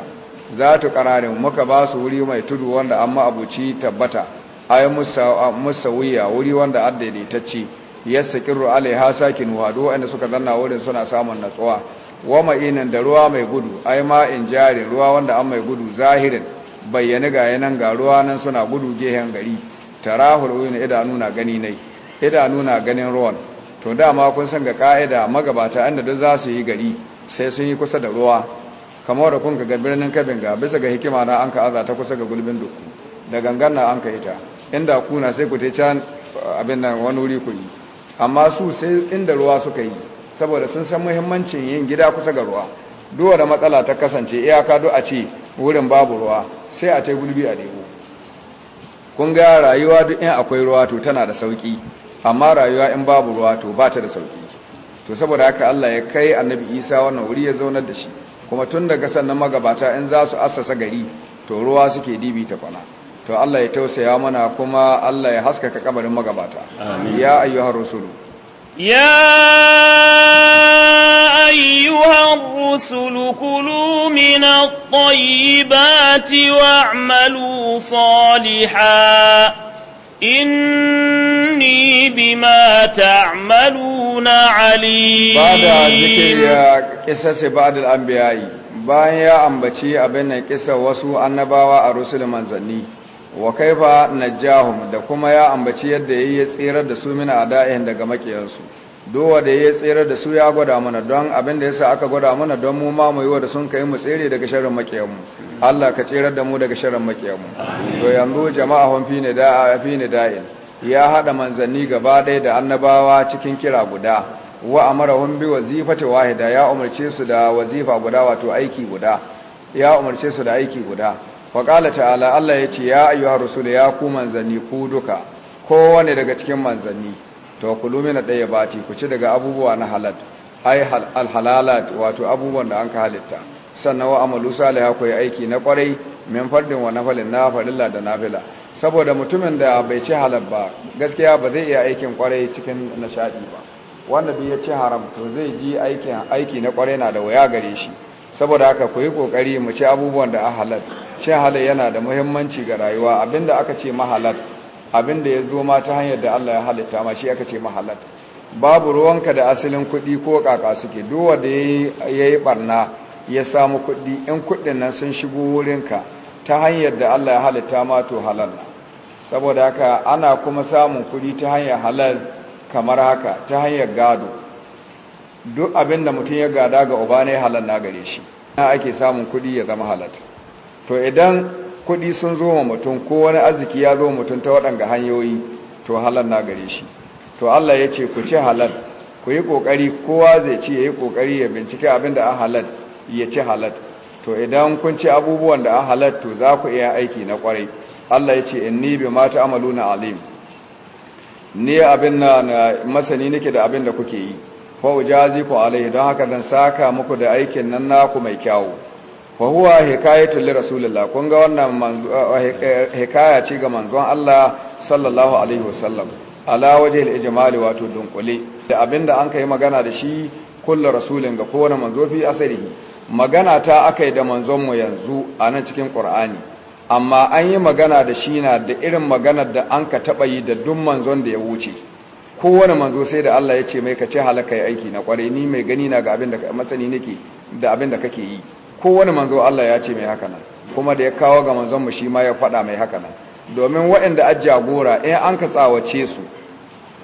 Speaker 2: za ta ƙararin muka ba su wuri mai tudu wanda an ma'abuci tabbata ai musa wuya wuri wanda an daidaitacce ya sakiru ha sakin wado wanda suka zanna wurin suna samun natsuwa wa ma'inan da ruwa mai gudu ai ma in jari ruwa wanda an mai gudu zahirin bayyane ga yanan ga ruwa nan suna gudu gehen gari tarahul uyun idanu na gani nai idanu na ganin ruwan to dama kun san ga ka'ida magabata inda duk za su yi gari sai sun yi kusa da ruwa kamar da kun ga birnin kabin ga bisa ga hikima na an ka aza ta kusa ga gulbin doku da gangan na an ka ita inda kuna sai ku ta abin nan wani wuri ku yi amma su sai inda ruwa suka yi saboda sun san muhimmancin yin gida kusa ga ruwa duwa da matsala ta kasance iyaka duk a ce wurin babu ruwa sai a ta gulbi a debo kun ga rayuwa duk in akwai ruwa to tana da sauki amma rayuwa in babu ruwa to ba ta da sauki to saboda haka Allah ya kai annabi isa wannan wuri ya zaunar da shi kuma tun daga sannan magabata in za su assasa gari to ruwa suke dibi ta kwana to Allah ya tausaya mana kuma Allah ya haskaka kabarin magabata ya ayyuhar rusulu
Speaker 1: ayyuha rusulu kulu min at-tayyibati wa'malu salihan إني بما تعملون عليم بعد
Speaker 2: ذكر قصص بعض الأنبياء bayan ya ambaci abin nan kisa wasu annabawa a rusul manzanni wa ba najjahum da kuma ya ambaci yadda yayi ya tsirar da su a ada'ihin daga makiyansu dowa da ya tsere da su ya gwada mana don abin da yasa aka gwada mana don mu ma da sun kai mu tsere daga sharrin makiyanmu Allah ka tsere da mu daga sharrin makiyanmu to yanzu jama'a hon ne da'in ya hada manzanni gaba ɗaya da annabawa cikin kira guda wa amarahum bi wazifata wahida ya umarce su da wazifa guda wato aiki guda ya umarce su da aiki guda wa qala ta'ala Allah ya ce ya ayyuhar rusul ya ku manzanni ku duka kowane daga cikin manzanni to na ɗaya ba dayyibati ku ci daga abubuwa na halal ai al wato abubuwan da an ka halitta sannan wa amalu salih ku yi aiki na kwarai min fardin wa nafalin na da nafila saboda mutumin da bai ci halal ba gaskiya ba zai iya aikin kwarai cikin nishadi ba wanda bai ya ci haram to zai ji aikin aiki na kwarai na da waya gare shi saboda haka ku yi kokari mu ci abubuwan da halal cin halal yana da muhimmanci ga rayuwa abinda aka ce mahalal abin da ya zo ma ta hanyar da Allah ya halitta ma shi aka ce mahalal babu ruwanka da asalin kuɗi ko kaka suke duwa da ya yi barna ya samu kuɗi in kuɗin nan sun shigo wurinka ta hanyar da Allah ya halitta ma to halal saboda haka ana kuma samun kuɗi ta hanyar halal kamar haka ta hanyar gado duk abin da mutum ya gada ga uba ne halal na gare shi na ake samun kuɗi ya zama halal to idan kuɗi sun zo wa mutum ko wani arziki ya zo mutum ta waɗanga hanyoyi to halal na gare shi to Allah ya ce ku ci halal ku yi ƙoƙari kowa zai ci ya yi ƙoƙari ya bincike abin da a halal ya ci halal to idan kun ci abubuwan da a halal to za ku iya aiki na ƙwarai Allah ya ce in ni bi ma na alim ni abin na masani nake da abin da kuke yi fa ujazi ku alaihi don haka dan saka muku da aikin nan naku mai kyawu wa huwa hikayatu li rasulillah kun ga wannan eh, hikaya ce ga manzon Allah sallallahu alaihi wasallam ala wajhil ijmali wato dunkule da abinda an kai magana da shi kullu rasulin ga kowane manzo fi asarihi magana ta akai da manzon mu yanzu a nan cikin qur'ani amma an yi magana da shi na da irin maganar da an ka taba yi da duk manzon da ya wuce kowane manzo sai da Allah ya ce mai ka ce halaka aiki na kware ni mai gani na ga abin da masani nake da abin da kake yi kowane manzo Allah ya ce mai haka nan kuma da ya kawo ga manzon shi ma ya faɗa mai haka nan domin waɗanda a jagora in an ka tsawace su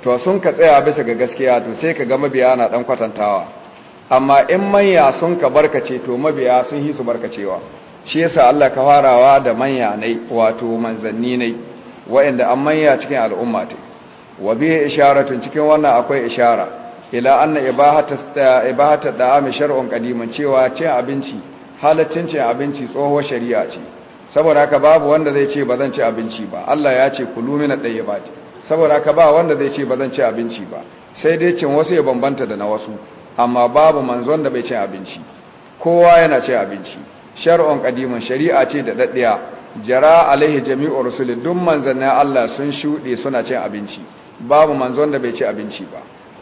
Speaker 2: to sun ka tsaya bisa ga gaskiya to sai ka ga mabiya na ɗan kwatantawa amma in manya sun ka barkace to mabiya sun yi su barkacewa shi yasa Allah ka farawa da manya wato manzanni ne waɗanda an manya cikin al'umma ta wa bi isharatun cikin wannan akwai ishara ila anna ibahata ibahatu da'am shar'un qadiman cewa cin abinci halaccin cin abinci tsohuwar shari'a ce saboda haka babu wanda zai ce ba zan ci abinci ba Allah ya ce kulu min ba ce saboda haka ba wanda zai ce ba zan ci abinci ba sai dai cin wasu ya bambanta da na wasu amma babu manzon da bai ci abinci kowa yana ci abinci shar'un kadimin shari'a ce da daddiya jara alaihi jami'ur rusul duk manzannin Allah sun shude suna cin abinci babu manzon da bai ci abinci ba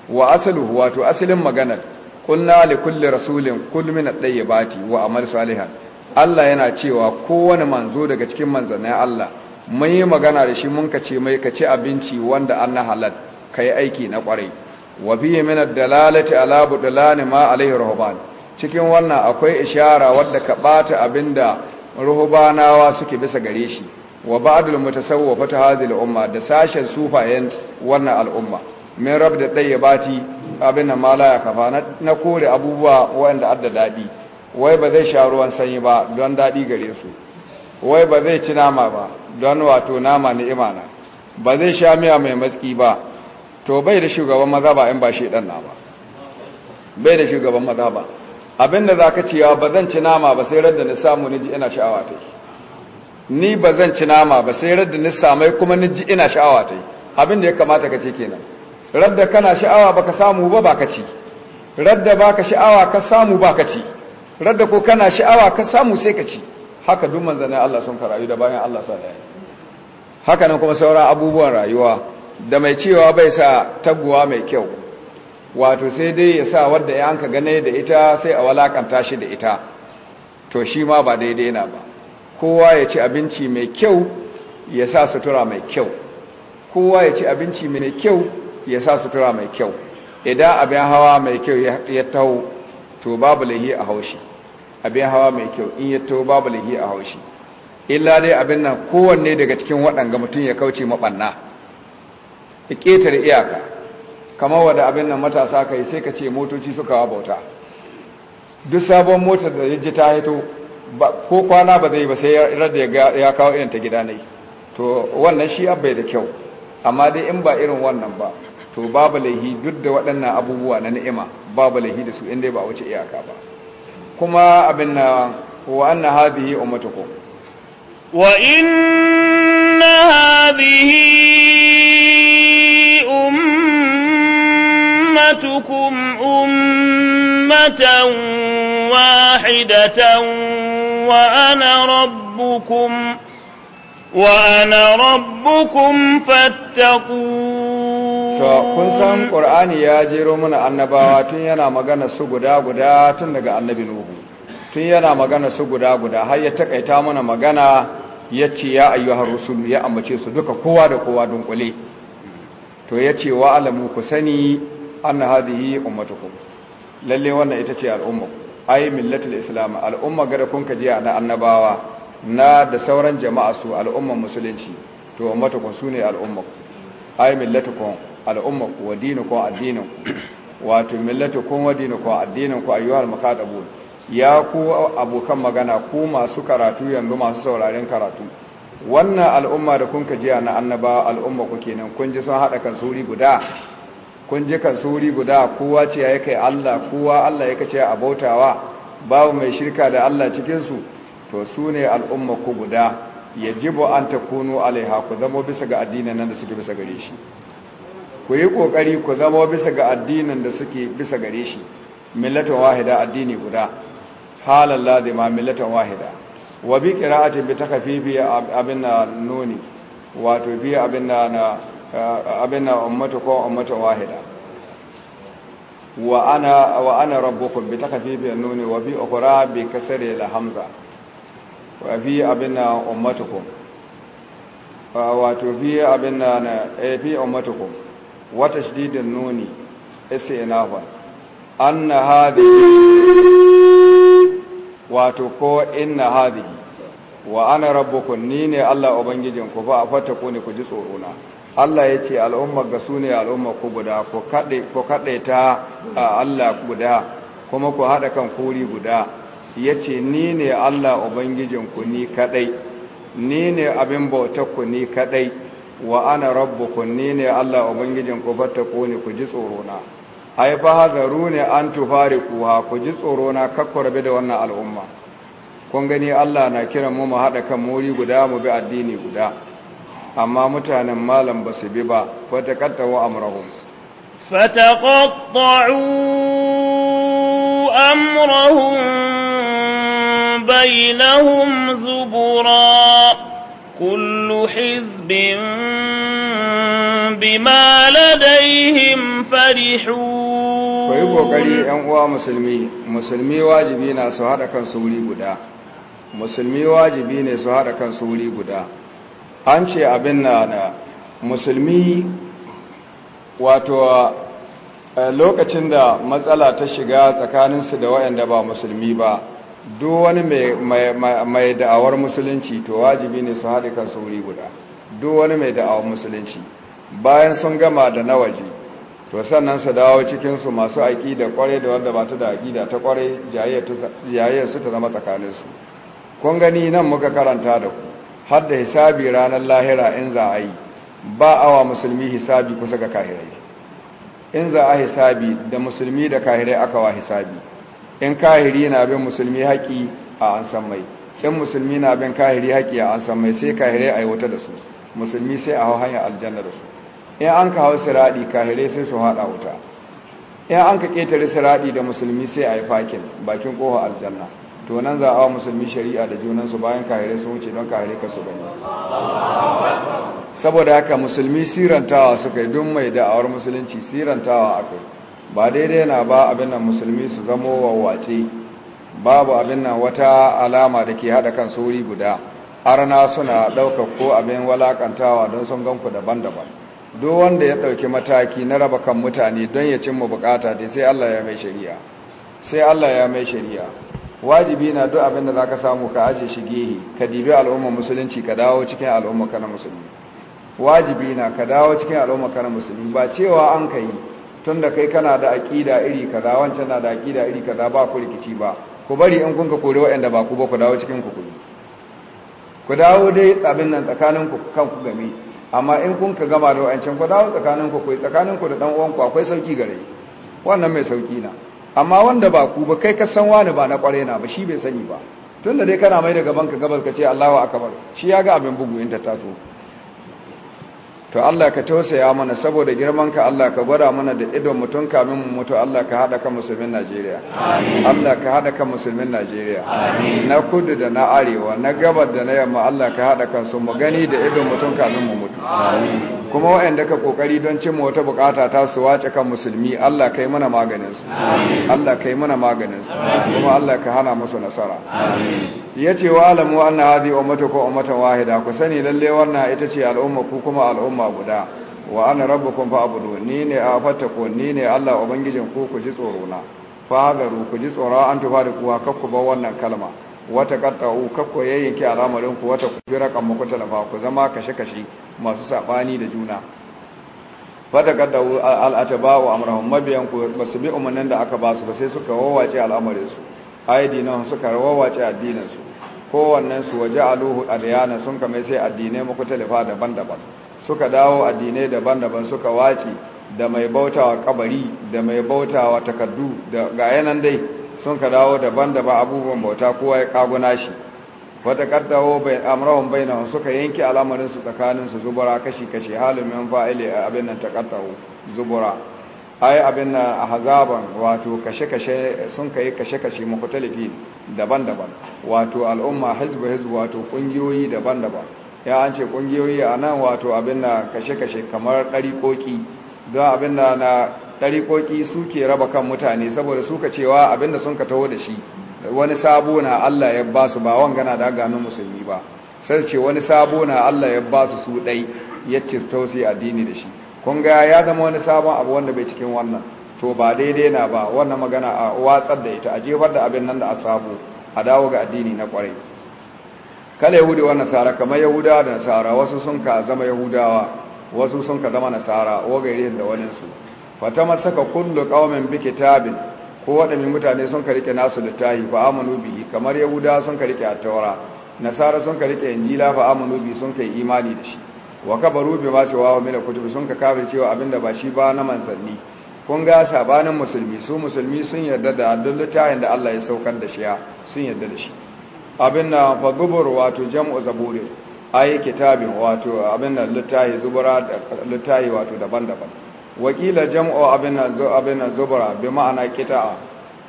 Speaker 2: wa asalu wato asalin maganar kunna li kulli rasulin kul min at-tayyibati wa amal salihan Allah yana cewa kowane manzo daga cikin manzanai Allah mun yi magana da shi mun kace mai kace abinci wanda Allah halal kai aiki na kwarai wa bi min ad-dalalati ala budlani ma alayhi rahban cikin wannan akwai ishara wadda ka bata abinda ruhbanawa suke bisa gare shi wa ba'dul mutasawwifa ta hadhihi al-umma da sashen sufayen wannan al'umma min rab da tayyibati abin nan mala ya kafa na kore abubuwa waɗanda adda daɗi wai ba zai sha ruwan sanyi ba don daɗi gare su wai ba zai ci nama ba don wato nama ni imana ba zai sha miya mai matsi ba to bai da shugaban maza ba in ba shi dan na ba bai da shugaban maza ba abin da za ka cewa ba zan ci nama ba sai radda na samu ni ji ina sha'awa ta ni ba zan ci nama ba sai radda na samai kuma ni ji ina sha'awa ta abin da ya kamata ka ce kenan radda kana sha'awa baka samu ba baka ci radda baka sha'awa ka samu baka ci radda ko kana sha'awa ka samu sai ka ci haka duk manzannin Allah sun karayu da bayan Allah sallallahu alaihi haka nan kuma sauran abubuwan rayuwa da mai cewa bai sa taguwa mai kyau wato sai dai ya sa wanda ya anka gane da ita sai a walakanta shi da ita to shi ma ba daidai na ba kowa ya ci abinci mai kyau ya sa sutura mai kyau kowa ya ci abinci mai kyau ya sa sutura mai kyau idan abin hawa mai kyau ya taho to babu lahi a haushi abin hawa mai kyau in ya taho babu lahi a haushi illa dai abin nan kowanne daga cikin waɗanga mutum ya kauce maɓanna ya ƙetar iyaka kamar wadda abin nan matasa ka yi sai ka ce motoci suka wa bauta duk sabon motar da ya ji ta haito ko kwana ba zai ba sai da ya kawo irin ta gida ne to wannan shi abai da kyau amma dai in ba irin wannan ba to babu laihi duk da waɗannan abubuwa na ni'ima babu laihi da su inda ba wuce iyaka ba kuma abin na wa anna hadhihi ummatukum
Speaker 1: wa inna hadhihi ummatukum ummatan wahidatan wa ana rabbukum وأنا ربكم فاتقون
Speaker 2: to kun san qur'ani ya jero mana annabawa tun yana magana su guda guda tun daga annabi nuhu tun yana magana su guda guda har ya takaita mana magana ya ce ya ayyuhar rusul ya ambace su duka kowa da kowa dunkule to ya ce wa alamu ku sani anna hadhihi ummatukum lalle wannan ita ce al'umma ai millatul islam al'umma gada kun ka kaje ana annabawa na da sauran jama'a su al'umman musulunci to ku sune al'ummaku ay millatukum ku wa dinukum ku wato millatukum wa dinukum addininku ayyuhal mukhadabun ya ku abokan magana ku masu karatu yanzu masu sauraren karatu wannan al'umma da kun kaji na annaba al'umma ku kenan kun ji sun kan suri guda kun ji suri guda kowa ce ya kai Allah kowa Allah ya ce a bautawa babu mai shirka da Allah cikin su to su ne al'umma ku guda ya yajibu an takunu alaiha ku zama bisa ga addinin nan da suke bisa gare shi ku yi kokari ku zama bisa ga addinin da suke bisa gare shi millatan wahida addini guda halan ma millatan wahida wa bi qira'atin bi biya abin nuni wato biya abin na ummata na ummatu ko wahida wa ana wa "Bi rabbukum fi biya nuni wa bi ukhra bi kasri la hamza wa fi abinna ummatukum wato fi abinna na eh, fi ummatukum wa tashdidun nuni an na hadhihi wato ko inna na wa ana rabbukum ni ne Allah a fa ku ne ku ji tsoruna Allah ya ce al'ummar ga su ne al'ummar ku guda ku kaɗe ta Allah guda kuma ku haɗa kan kuri guda ya ce ni ne Allah Ubangijinku ni kadai, ni ne abin bautakku ni kadai, wa ana rabbuku ni ne Allah Ubangijinku ku, ne ku ji tsorona ai ba hazaru ne an tufari kuwa ku ji tsorona kakku rabe da wannan al'umma kun gani Allah na kiran mu mu haɗa kan muri guda mu bi addini guda amma mutanen malam ba su bi ba wata wa
Speaker 1: amrahum fataqatta'u amrahum بينهم زبرا كل حزب بما لديهم فرحون
Speaker 2: ku yi kokari yan uwa musulmi musulmi wajibi na su haɗa kansu wuri guda musulmi wajibi ne su haɗa kansu wuri guda an ce abin na na musulmi eh, lokacin da matsala ta shiga tsakaninsu da waɗanda ba musulmi ba duk wani mai da'awar musulunci to wajibi ne su haɗe kan sauri guda duk wani mai da'awar musulunci bayan sun gama da na waje to sannan su dawo cikinsu masu aiki da kware da wanda ba ta da aƙida ta kware jayayyar su ta zama tsakaninsu kun gani nan muka karanta da ku har da hisabi ranar lahira in za a yi ba awa musulmi hisabi kusa ga kahirai in za a hisabi da musulmi da kahirai aka wa hisabi in kahiri na bin musulmi haƙi a an san mai in musulmi na bin kahiri haƙi a an san mai sai kahirai a yi wuta da su musulmi sai a hau hanyar aljanna da su in an ka hau siraɗi kahirai sai su haɗa wuta in an ka ƙetare siraɗi da musulmi sai a yi fakin bakin ƙofar aljanna to nan za a wa musulmi shari'a da junansu bayan kahirai sun wuce don kahirai ka su gani saboda haka musulmi sirantawa suka yi don mai da'awar musulunci sirantawa akai ba daidai na ba abin nan musulmi su zamo wawace babu abin nan wata alama da ke haɗa kan sauri guda arna suna ɗauka ko abin walakantawa don sun ganku daban-daban duk wanda ya ɗauki mataki na raba kan mutane don ya cimma bukata dai sai allah ya mai shari'a sai allah ya mai shari'a wajibi na duk abin za ka samu ka aje shi gehe ka dibi al'ummar musulunci ka dawo cikin al'ummar kana musulmi wajibi na ka dawo cikin al'ummar kana musulmi ba cewa an ka yi tun da kai kana da aƙida iri kaza wancan na da aƙida iri kaza ba ku rikici ba ku bari in kun ka kore waɗanda ba ku ba ku dawo cikin ku kuri ku dawo dai abin nan tsakanin ku kan ku game amma in kun ka gama da waɗancan ku dawo tsakanin ku kai tsakanin ku da dan uwan ku akwai sauki gare wannan mai sauki na amma wanda ba ku ba kai ka san wani ba na kware na ba shi bai sani ba tun da dai kana mai da gaban ka gabas ka ce Allahu akbar shi ya ga abin bugu in ta taso to Allah ka tausaya mana saboda girmanka Allah ka gwada mana da idon mutum kamin mu mutu Allah ka hada kan musulmin Najeriya Allah ka hada kan musulmin Najeriya na kudu da na arewa na gabar da na yamma Allah ka hada kan su mu gani da idon mutum kamin mu mutu kuma waɗanda ka ƙoƙari don cimma wata bukata ta su wace kan musulmi Allah kai mana maganin su Allah kai mana maganin kuma Allah ka hana musu nasara yace wa alamu anna hadhi ko ummatan wahida ku sani lalle wannan ita ce al'umma ku kuma al'umma guda wa ana rabbukum abudu ni ne a fattako ni ne Allah ubangijin ku ku ji tsoro na fa ku ji tsoro an tufa da kuwa kakku ba wannan kalma wata qatta'u kakko yayyanke al'amarin ku wata kubira kan muku talafa ku zama kashe kashe masu saɓani da juna Wata fata qatta'u wa amrahum mabiyan ku basu bi umarnin da aka basu ba sai suka wawace al'amarin su aidinahum suka wawace addininsu. su kowannen su waje aluhu adiyana sun kame sai addinai muku talafa daban-daban suka dawo addinai daban-daban suka wace da mai bautawa kabari da mai bautawa takaddu da ga yanan dai sun ka dawo daban daban abubuwan bauta kowa ya kaguna shi wata kaddawo bai amrahun bai nan suka yanke alamarinsu tsakaninsu tsakanin zubura kashi kashi halin min fa'ili abin nan ta kaddawo zubura ai abin nan a hazaban wato kashe kashe sun kai kashe kashe mukhtalifi daban-daban wato al'umma hezbo-hezbo wato kungiyoyi daban-daban ya an ce kungiyoyi a nan wato abin na kashe kashe kamar ɗari koki don abin na ɗariƙoƙi suke raba kan mutane saboda suka cewa abinda sun ka taho da shi wani sabo na Allah ya ba su ba wangana da gano musulmi ba sai ce wani sabo na Allah ya ba su su ɗai ya cirto su addini da shi kun ga ya zama wani sabon abu wanda bai cikin wannan to ba daidai na ba wannan magana a watsar da ita a jefar da abin nan da a sabo a dawo ga addini na kwarai kala yahudi wa nasara kamar yahuda da nasara wasu sun ka zama yahudawa wasu sun ka zama nasara wa gairin da waninsu fata masaka kullu qaumin bi kitabin ko waɗannan mutane sun ka rike nasu littafi fa amanu bihi kamar yahuda sun ka rike at nasara sun ka rike injila fa amanu bi sun kai imani da shi wa kabaru bi ma sawa min mina kutubi sun ka kafircewa abinda ba shi ba na manzanni kun ga sabanin musulmi su musulmi sun yarda da duk littafin da Allah ya saukar da shi sun yarda da shi abin na fa gubur wato jam'u zaburi ayi kitabin wato abin na littafi zubura littafi wato daban-daban wakila jam'u abin abin zubra bi ma'ana kita'a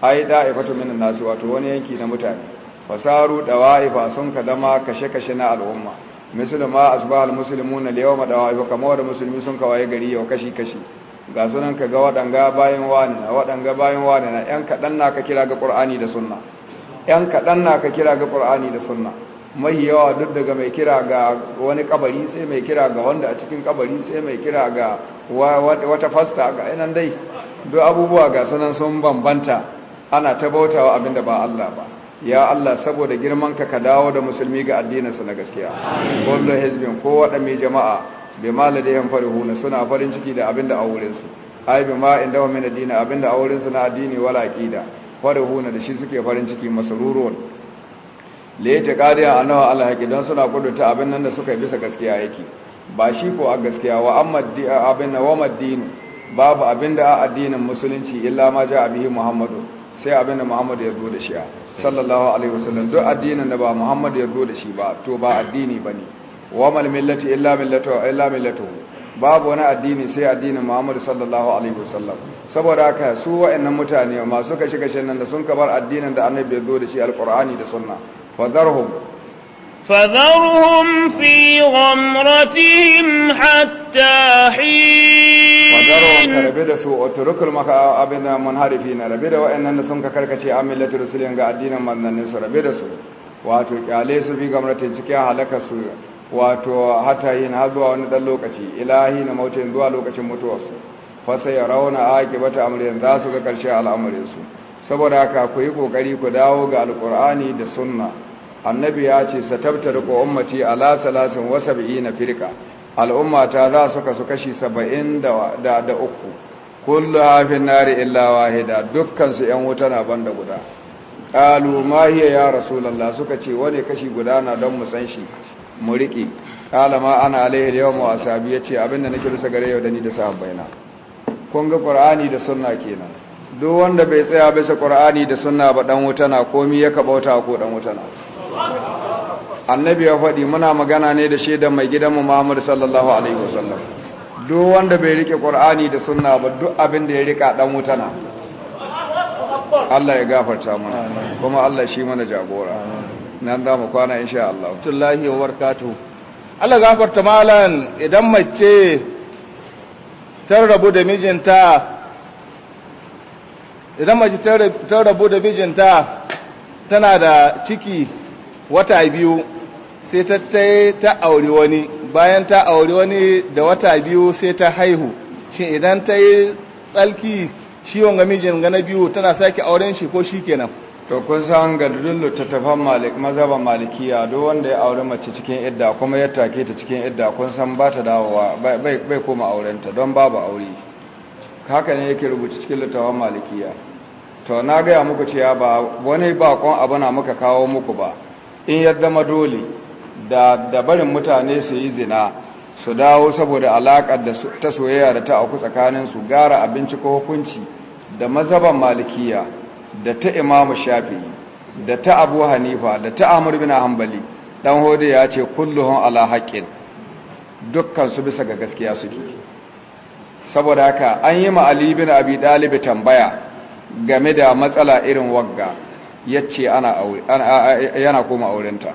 Speaker 2: ai da'ifatu min nasi wato wani yanki na mutane fasaru dawa'ifa sun kadama kashe-kashe na al'umma musulma asbah almuslimuna liyawma dawa'ifa kamar da musulmi sun kawaye gari yau kashi-kashi ga sunan ka ga waɗanga bayan wani na waɗanga bayan wani na ‘yan kadan na ka kira ga qur'ani da sunna ‘yan kadan na ka kira ga qur'ani da sunna mai yawa duk daga mai kira ga wani kabari sai mai kira ga wanda a cikin kabari sai mai kira ga wata fasta ga yanan dai duk abubuwa ga sunan sun bambanta ana ta bautawa abinda ba Allah ba ya Allah saboda girman ka ka dawo da musulmi ga addininsu na gaskiya kullu hezbin ko wada mai jama'a bi farihu farihuna suna farin ciki da abinda a wurin su ai bi ma inda wa min addini abinda a wurin su na addini wala aqida farihuna da shi suke farin ciki masrurun laita a anawa alhaqi don suna kudurta abin nan da suka yi bisa gaskiya yake ba shi ko a gaskiya wa abin na wa dini babu abin da a addinin musulunci illa ma ja bihi muhammadu sai abin da muhammadu ya zo da shi a sallallahu alaihi wasallam duk addinin da ba muhammadu ya zo da shi ba to ba addini ba wa mal millati illa millatu illa millatu babu wani addini sai addinin muhammadu sallallahu alaihi wasallam saboda haka su wa'annan mutane masu kashe kashe nan da sun kabar addinin
Speaker 1: da annabi ya zo da shi alqur'ani da sunna فذرهم فذرهم في غمرتهم حتى حين
Speaker 2: فذرهم ربي da su utrukul maka abin munharifina rabe da wayannan da sun ka karkace amillatu rusulin addinin manzannin su rabe da su wato kyale su bi gamratin cikin halaka su wato hata yin har zuwa wani lokaci ilahi na mautin zuwa lokacin mutuwarsu fa sai rauna akibata amrin za su ga karshe al'amarin su saboda haka ku yi kokari ku dawo ga alqur'ani da sunna annabi ya ce satabtar ko ummati ala salasin wa sab'ina firqa al'umma ta za su kasu kashi 70 da da uku kullu hafin nari illa wahida dukkan su yan wuta na banda guda qalu ma hiya ya rasulullah suka ce wane kashi guda na don mu san mu riƙe qala ma ana alaihi yawma asabi yace abinda nake rusa gare yau da ni da sahabbaina kun ga qur'ani da sunna kenan duk wanda bai tsaya bisa qur'ani da sunna ba dan wuta na komi ya kabauta ko dan wuta na annabi ya faɗi muna magana ne da shaidan mai gidanmu Muhammad sallallahu alaihi wasallam duk wanda bai rike Qur'ani da sunna ba duk abin da ya rika dan wuta na Allah ya gafarta mana kuma Allah shi mana jagora nan za mu kwana insha Allah tullahi wa barakatuh Allah gafarta malan idan mace tar rabu da mijinta idan mace tar rabu da mijinta tana da ciki wata biyu sai ta ta auri wani bayan ta auri wani da wata biyu sai ta haihu shi idan ta yi tsalki shi wanga mijin gana biyu tana sake auren shi ko shi kenan to kun san ga dullu ta tafan malik malikiya duk wanda ya aure mace cikin idda kuma ya take ta cikin idda kun san ba ta dawowa bai bai koma aurenta don babu aure haka ne yake rubuta cikin littafin malikiya to na gaya muku cewa ba wani bakon abu na muka kawo muku ba in ya zama dole da da barin mutane su yi zina su dawo saboda alaƙa da ta soyayya da ta auku tsakanin su gara abinci ko hukunci da mazhaban malikiya da ta imamu shafi'i da ta abu hanifa da ta amur bin hanbali dan hode ya ce kulluhun ala haqqin dukkan su bisa ga gaskiya suke saboda haka an yi ma ali bin abi dalib tambaya game da matsala irin wagga yace ana yana koma aurenta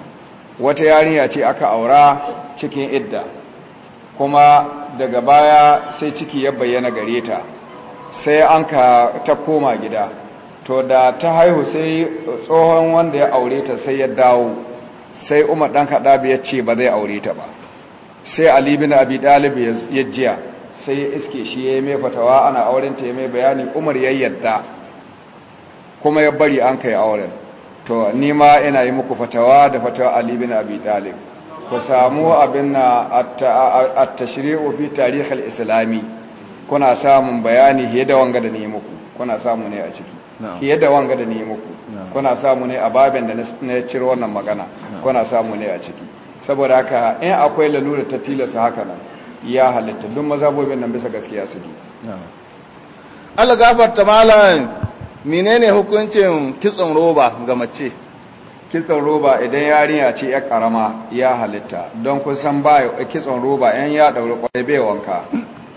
Speaker 2: wata yarinya ce aka aura cikin idda kuma daga baya sai ciki ya bayyana gare ta sai an ka ta koma gida to da ta haihu sai tsohon wanda ya aure ta sai ya dawo sai umar ɗan kaɗa ya ce ba zai aure ta ba sai ali bin abi ɗalibi ya jiya sai ya iske shi ya yi mai fatawa ana auren ta ya mai bayani umar ya yadda kuma ya bari an kai auren to ni ma ina yi muku fatawa da fatawa Ali bin Abi Talib ku samu abin na at-tashri'u fi tarikh al-islami kuna samun bayani he da wanga da ni muku kuna samu ne a ciki he da wanga da ni muku kuna samu ne a babin da na ciro wannan magana kuna samu ne a ciki saboda haka in akwai lalura ta tilasa haka nan ya halitta duk mazabobin nan bisa gaskiya su bi Allah gafarta malam menene hukuncin kitson roba ga mace kitson roba idan yarinya ce ya karama ya halitta don kusan ba kitson roba yan ya daure kwarai bai wanka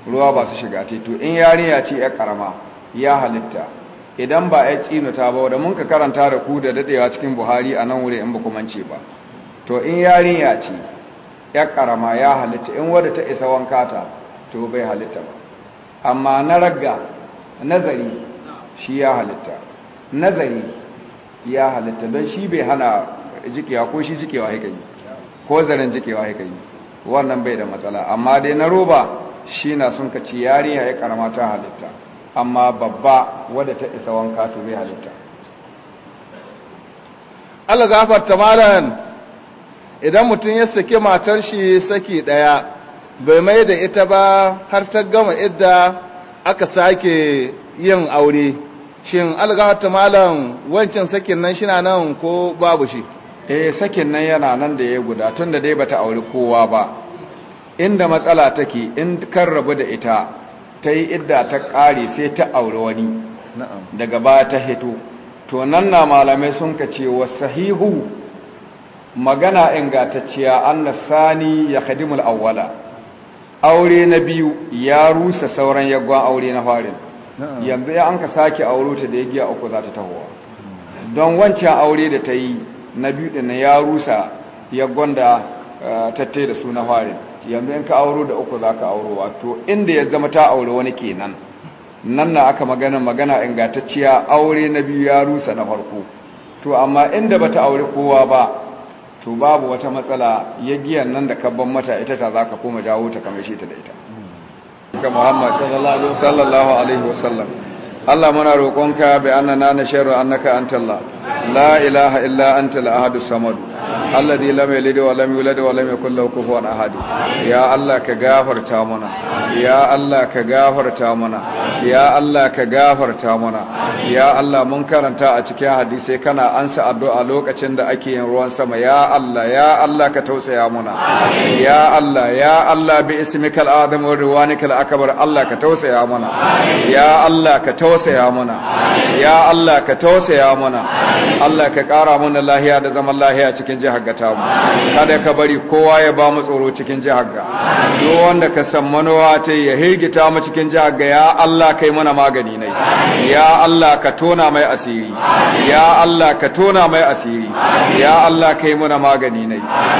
Speaker 2: ruwa ba su shiga teto in yarinya ce ya karama ya halitta idan ba ya ta ba da mun ka karanta da ku da dadewa cikin buhari a nan wuri in ba kuma ce ba to in yarinya ce ya karama ya halitta in wadda ta isa wanka ta to bai halitta ba amma na ragga nazari shi ya halitta nazari ya halitta don shi bai hana jikewa ko shi jikewa haika yi ko zaren jikewa haika yi wannan bai da matsala amma dai na roba shi na sun ka ci ya karama ta halitta amma babba wadda ta isa wanka to bai halitta Allah ta malan idan mutum ya saki matar shi saki daya bai mai da ita ba har ta gama idda aka sake yin aure shin algawata malam wancan sakin nan shi nan ko babu shi eh sakin nan yana nan da ya guda tun da dai bata aure kowa ba inda matsala take in kan rabu da ita ta yi idda ta ƙare sai ta aure wani daga baya ta hito to nan na malamai sun ka ce wa sahihu magana ingantacciya na sani ya kadimul awwala aure na biyu ya rusa sauran yaggon aure na farin yanzu ya an ka sake auro ta da ya giya uku za ta tahowa don wancan aure da ta yi na biyu da na ya rusa ya gwanda eh, tattai da su na yanzu in ka auro da uku za ka auro wato inda ya zama ta aure wani ke nan nan na aka magana magana ingantacciya aure na biyu ya rusa na farko to amma inda bata aure kowa ba to babu wata matsala ya giyan nan da kabban mata ita ta za ka koma jawo ta kamar shi ta da ita ga Muhammad sallallahu alaihi wasallam Allah muna roƙonka bi annana nasharu annaka antallah la ilaha illa anta al-ahadu samad alladhi lam yalid wa lam yulad wa lam yakul lahu kufuwan ahad ya allah ka gafarta mana ya allah ka gafarta mana ya allah ka gafarta mana ya allah mun karanta a cikin hadisi kana ansa addu'a lokacin da ake yin ruwan sama ya allah ya allah ka tausaya mana ya allah ya allah bi ismika al-azam wa riwanika al-akbar allah ka tausaya mana ya allah ka tausaya mana ya allah ka tausaya mana Allah ka ƙara mana lahiya da zaman lahiya cikin jihar ga tamu kada ka bari kowa ya ba mu tsoro cikin jihar ga duk wanda ka san manowa ta ya hirgita mu cikin jihar ga ya Allah kai mana magani ne ya Allah ka tona mai asiri ya Allah ka tona mai asiri ya Allah kai mana magani ne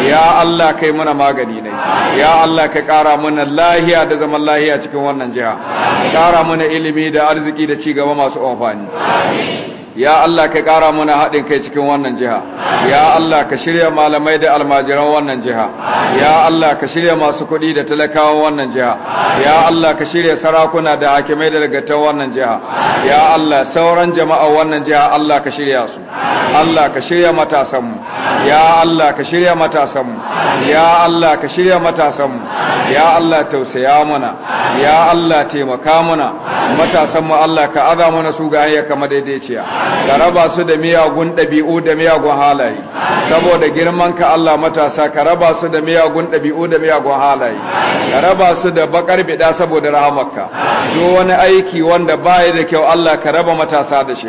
Speaker 2: ya Allah kai mana magani ne ya Allah ka ƙara mana lahiya da zaman lahiya cikin wannan jiha ƙara mana ilimi da arziki da ci gaba masu amfani ya Allah ka ƙara mana haɗin kai cikin wannan jiha ya Allah ka shirya malamai da almajiran wannan jiha ya Allah ka shirya masu kuɗi da talakawan wannan jiha ya Allah ka shirya sarakuna da hakimai da daga wannan jiha ya Allah sauran jama'a wannan jiha Allah ka shirya su Allah ka shirya matasanmu ya Allah ka shirya matasanmu ya Allah ka shirya matasanmu ya Allah tausaya mana ya Allah taimaka mana matasanmu Allah ka aza mana su ga hanyar kama daidaiciya ka raba su da miyagun ɗabi'u da miyagun halaye saboda girman ka Allah matasa ka raba su da miyagun ɗabi'u da miyagun halaye ka raba su da bakar bida saboda rahamarka duk wani aiki wanda baya da kyau Allah ka raba matasa da shi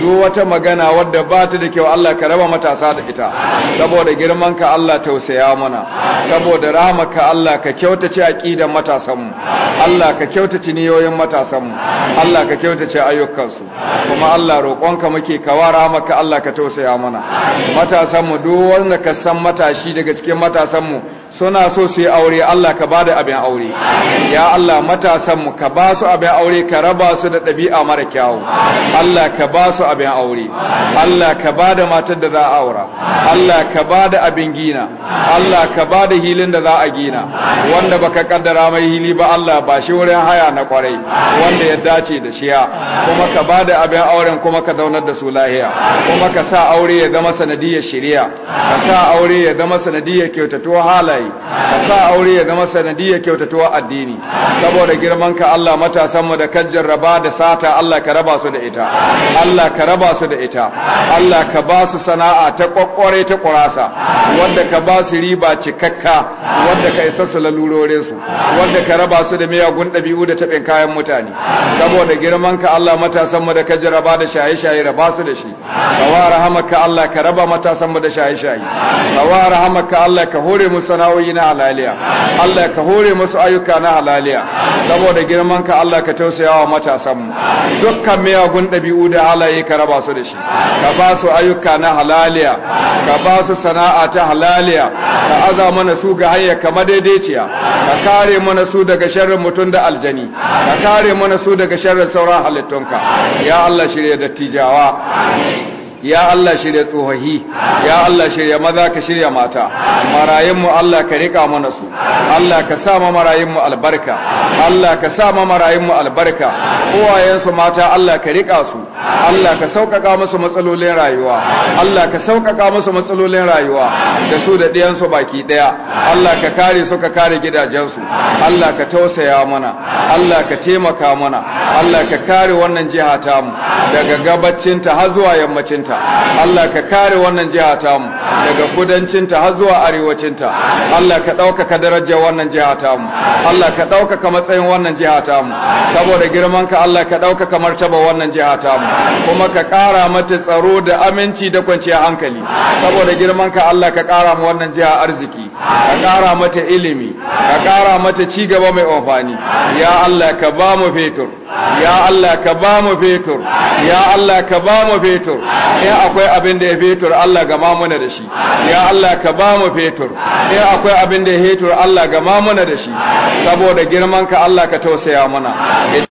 Speaker 2: duk wata magana wadda ba ta da kyau Allah ka raba matasa da ita saboda girman ka Allah tausaya mana saboda ka Allah ka kyautace aqidan matasan mu Allah ka kyautace niyoyin matasan mu Allah ka kyautace ayyukan su kuma Allah rokonka muke kawara maka Allah ka tausaya mana matasan mu duk wanda ka san matashi daga cikin matasan mu suna so su yi aure Allah ka ba abin aure ya Allah matasanmu ka ba su abin aure ka raba su da ɗabi'a mara kyawu Allah ka ba su abin aure Allah ka ba da matar da za a aura Allah ka bada abin gina Allah ka bada hilin da za a gina wanda baka kaddara mai hili ba Allah ba shi wurin haya na kwarai wanda ya dace da shiya kuma ka ba abin auren kuma ka zaunar da su lahiya kuma ka sa aure ya zama sanadiyar shari'a ka sa aure ya zama sanadiyar kyautatuwar halaye yi ka sa aure ya zama sanadiyya kyautatuwa addini saboda girman ka Allah matasan mu da kajjar raba da sata Allah ka raba su da ita Allah ka raba su da ita Allah ka ba su sana'a ta kwakware ta kurasa wanda ka ba su riba cikakka wanda ka isa su lalurorin su wanda ka raba su da miyagun ɗabi'u da tabin kayan mutane saboda girman ka Allah matasan mu da kajjar raba da shaye-shaye raba su da shi ka wa rahamaka Allah ka raba matasan mu da shaye-shaye ka wa rahamaka Allah ka hore mu sana'a sana'o'i na halaliya Allah ka hore musu ayyuka na halaliya saboda girman ka Allah ka tausaya wa matasan mu dukkan miyagun dabi'u da halaye ka raba su da shi ka ba su ayyuka na halaliya ka ba su sana'a ta halaliya ka aza mana su ga hanya kamar daidaiciya ka kare mana su daga sharrin mutum da aljani ka kare mana su daga sharrin sauran halittunka ya Allah shirya dattijawa amin ya Allah shirya tsohahi ya Allah shirya maza ka shirya mata marayinmu Allah ka rika mana su Allah ka sa ma marayinmu albarka Allah ka sa ma marayinmu albarka uwayensu mata Allah ka rika su Allah ka sauƙaƙa musu matsalolin rayuwa Allah ka sauƙaƙa musu matsalolin rayuwa da su da ɗiyansu baki ɗaya Allah ka kare su ka kare gidajensu Allah ka tausaya mana Allah ka taimaka mana Allah ka kare wannan jiha tamu daga gabacinta har zuwa yammacinta kudancinta Allah ka kare wannan jiha tamu daga kudancinta har zuwa arewacinta Allah ka ɗaukaka darajar wannan jiha tamu Allah ka ɗaukaka matsayin wannan jiha tamu saboda girman Allah ka ɗaukaka martaba wannan jiha tamu kuma ka ƙara mata tsaro da aminci da kwanciyar hankali saboda girman ka Allah ka ƙara mu wannan jiha arziki ka ƙara mata ilimi ka ƙara mata ci gaba mai amfani ya Allah ka ba mu fetur ya Allah ka ba mu fetur ya Allah ka ba mu fetur in akwai abin da ya fetur Allah gama muna da shi ya Allah ka ba mu fetur in akwai abin da
Speaker 1: ya fetur Allah gama muna da shi saboda girman ka Allah ka tausaya mana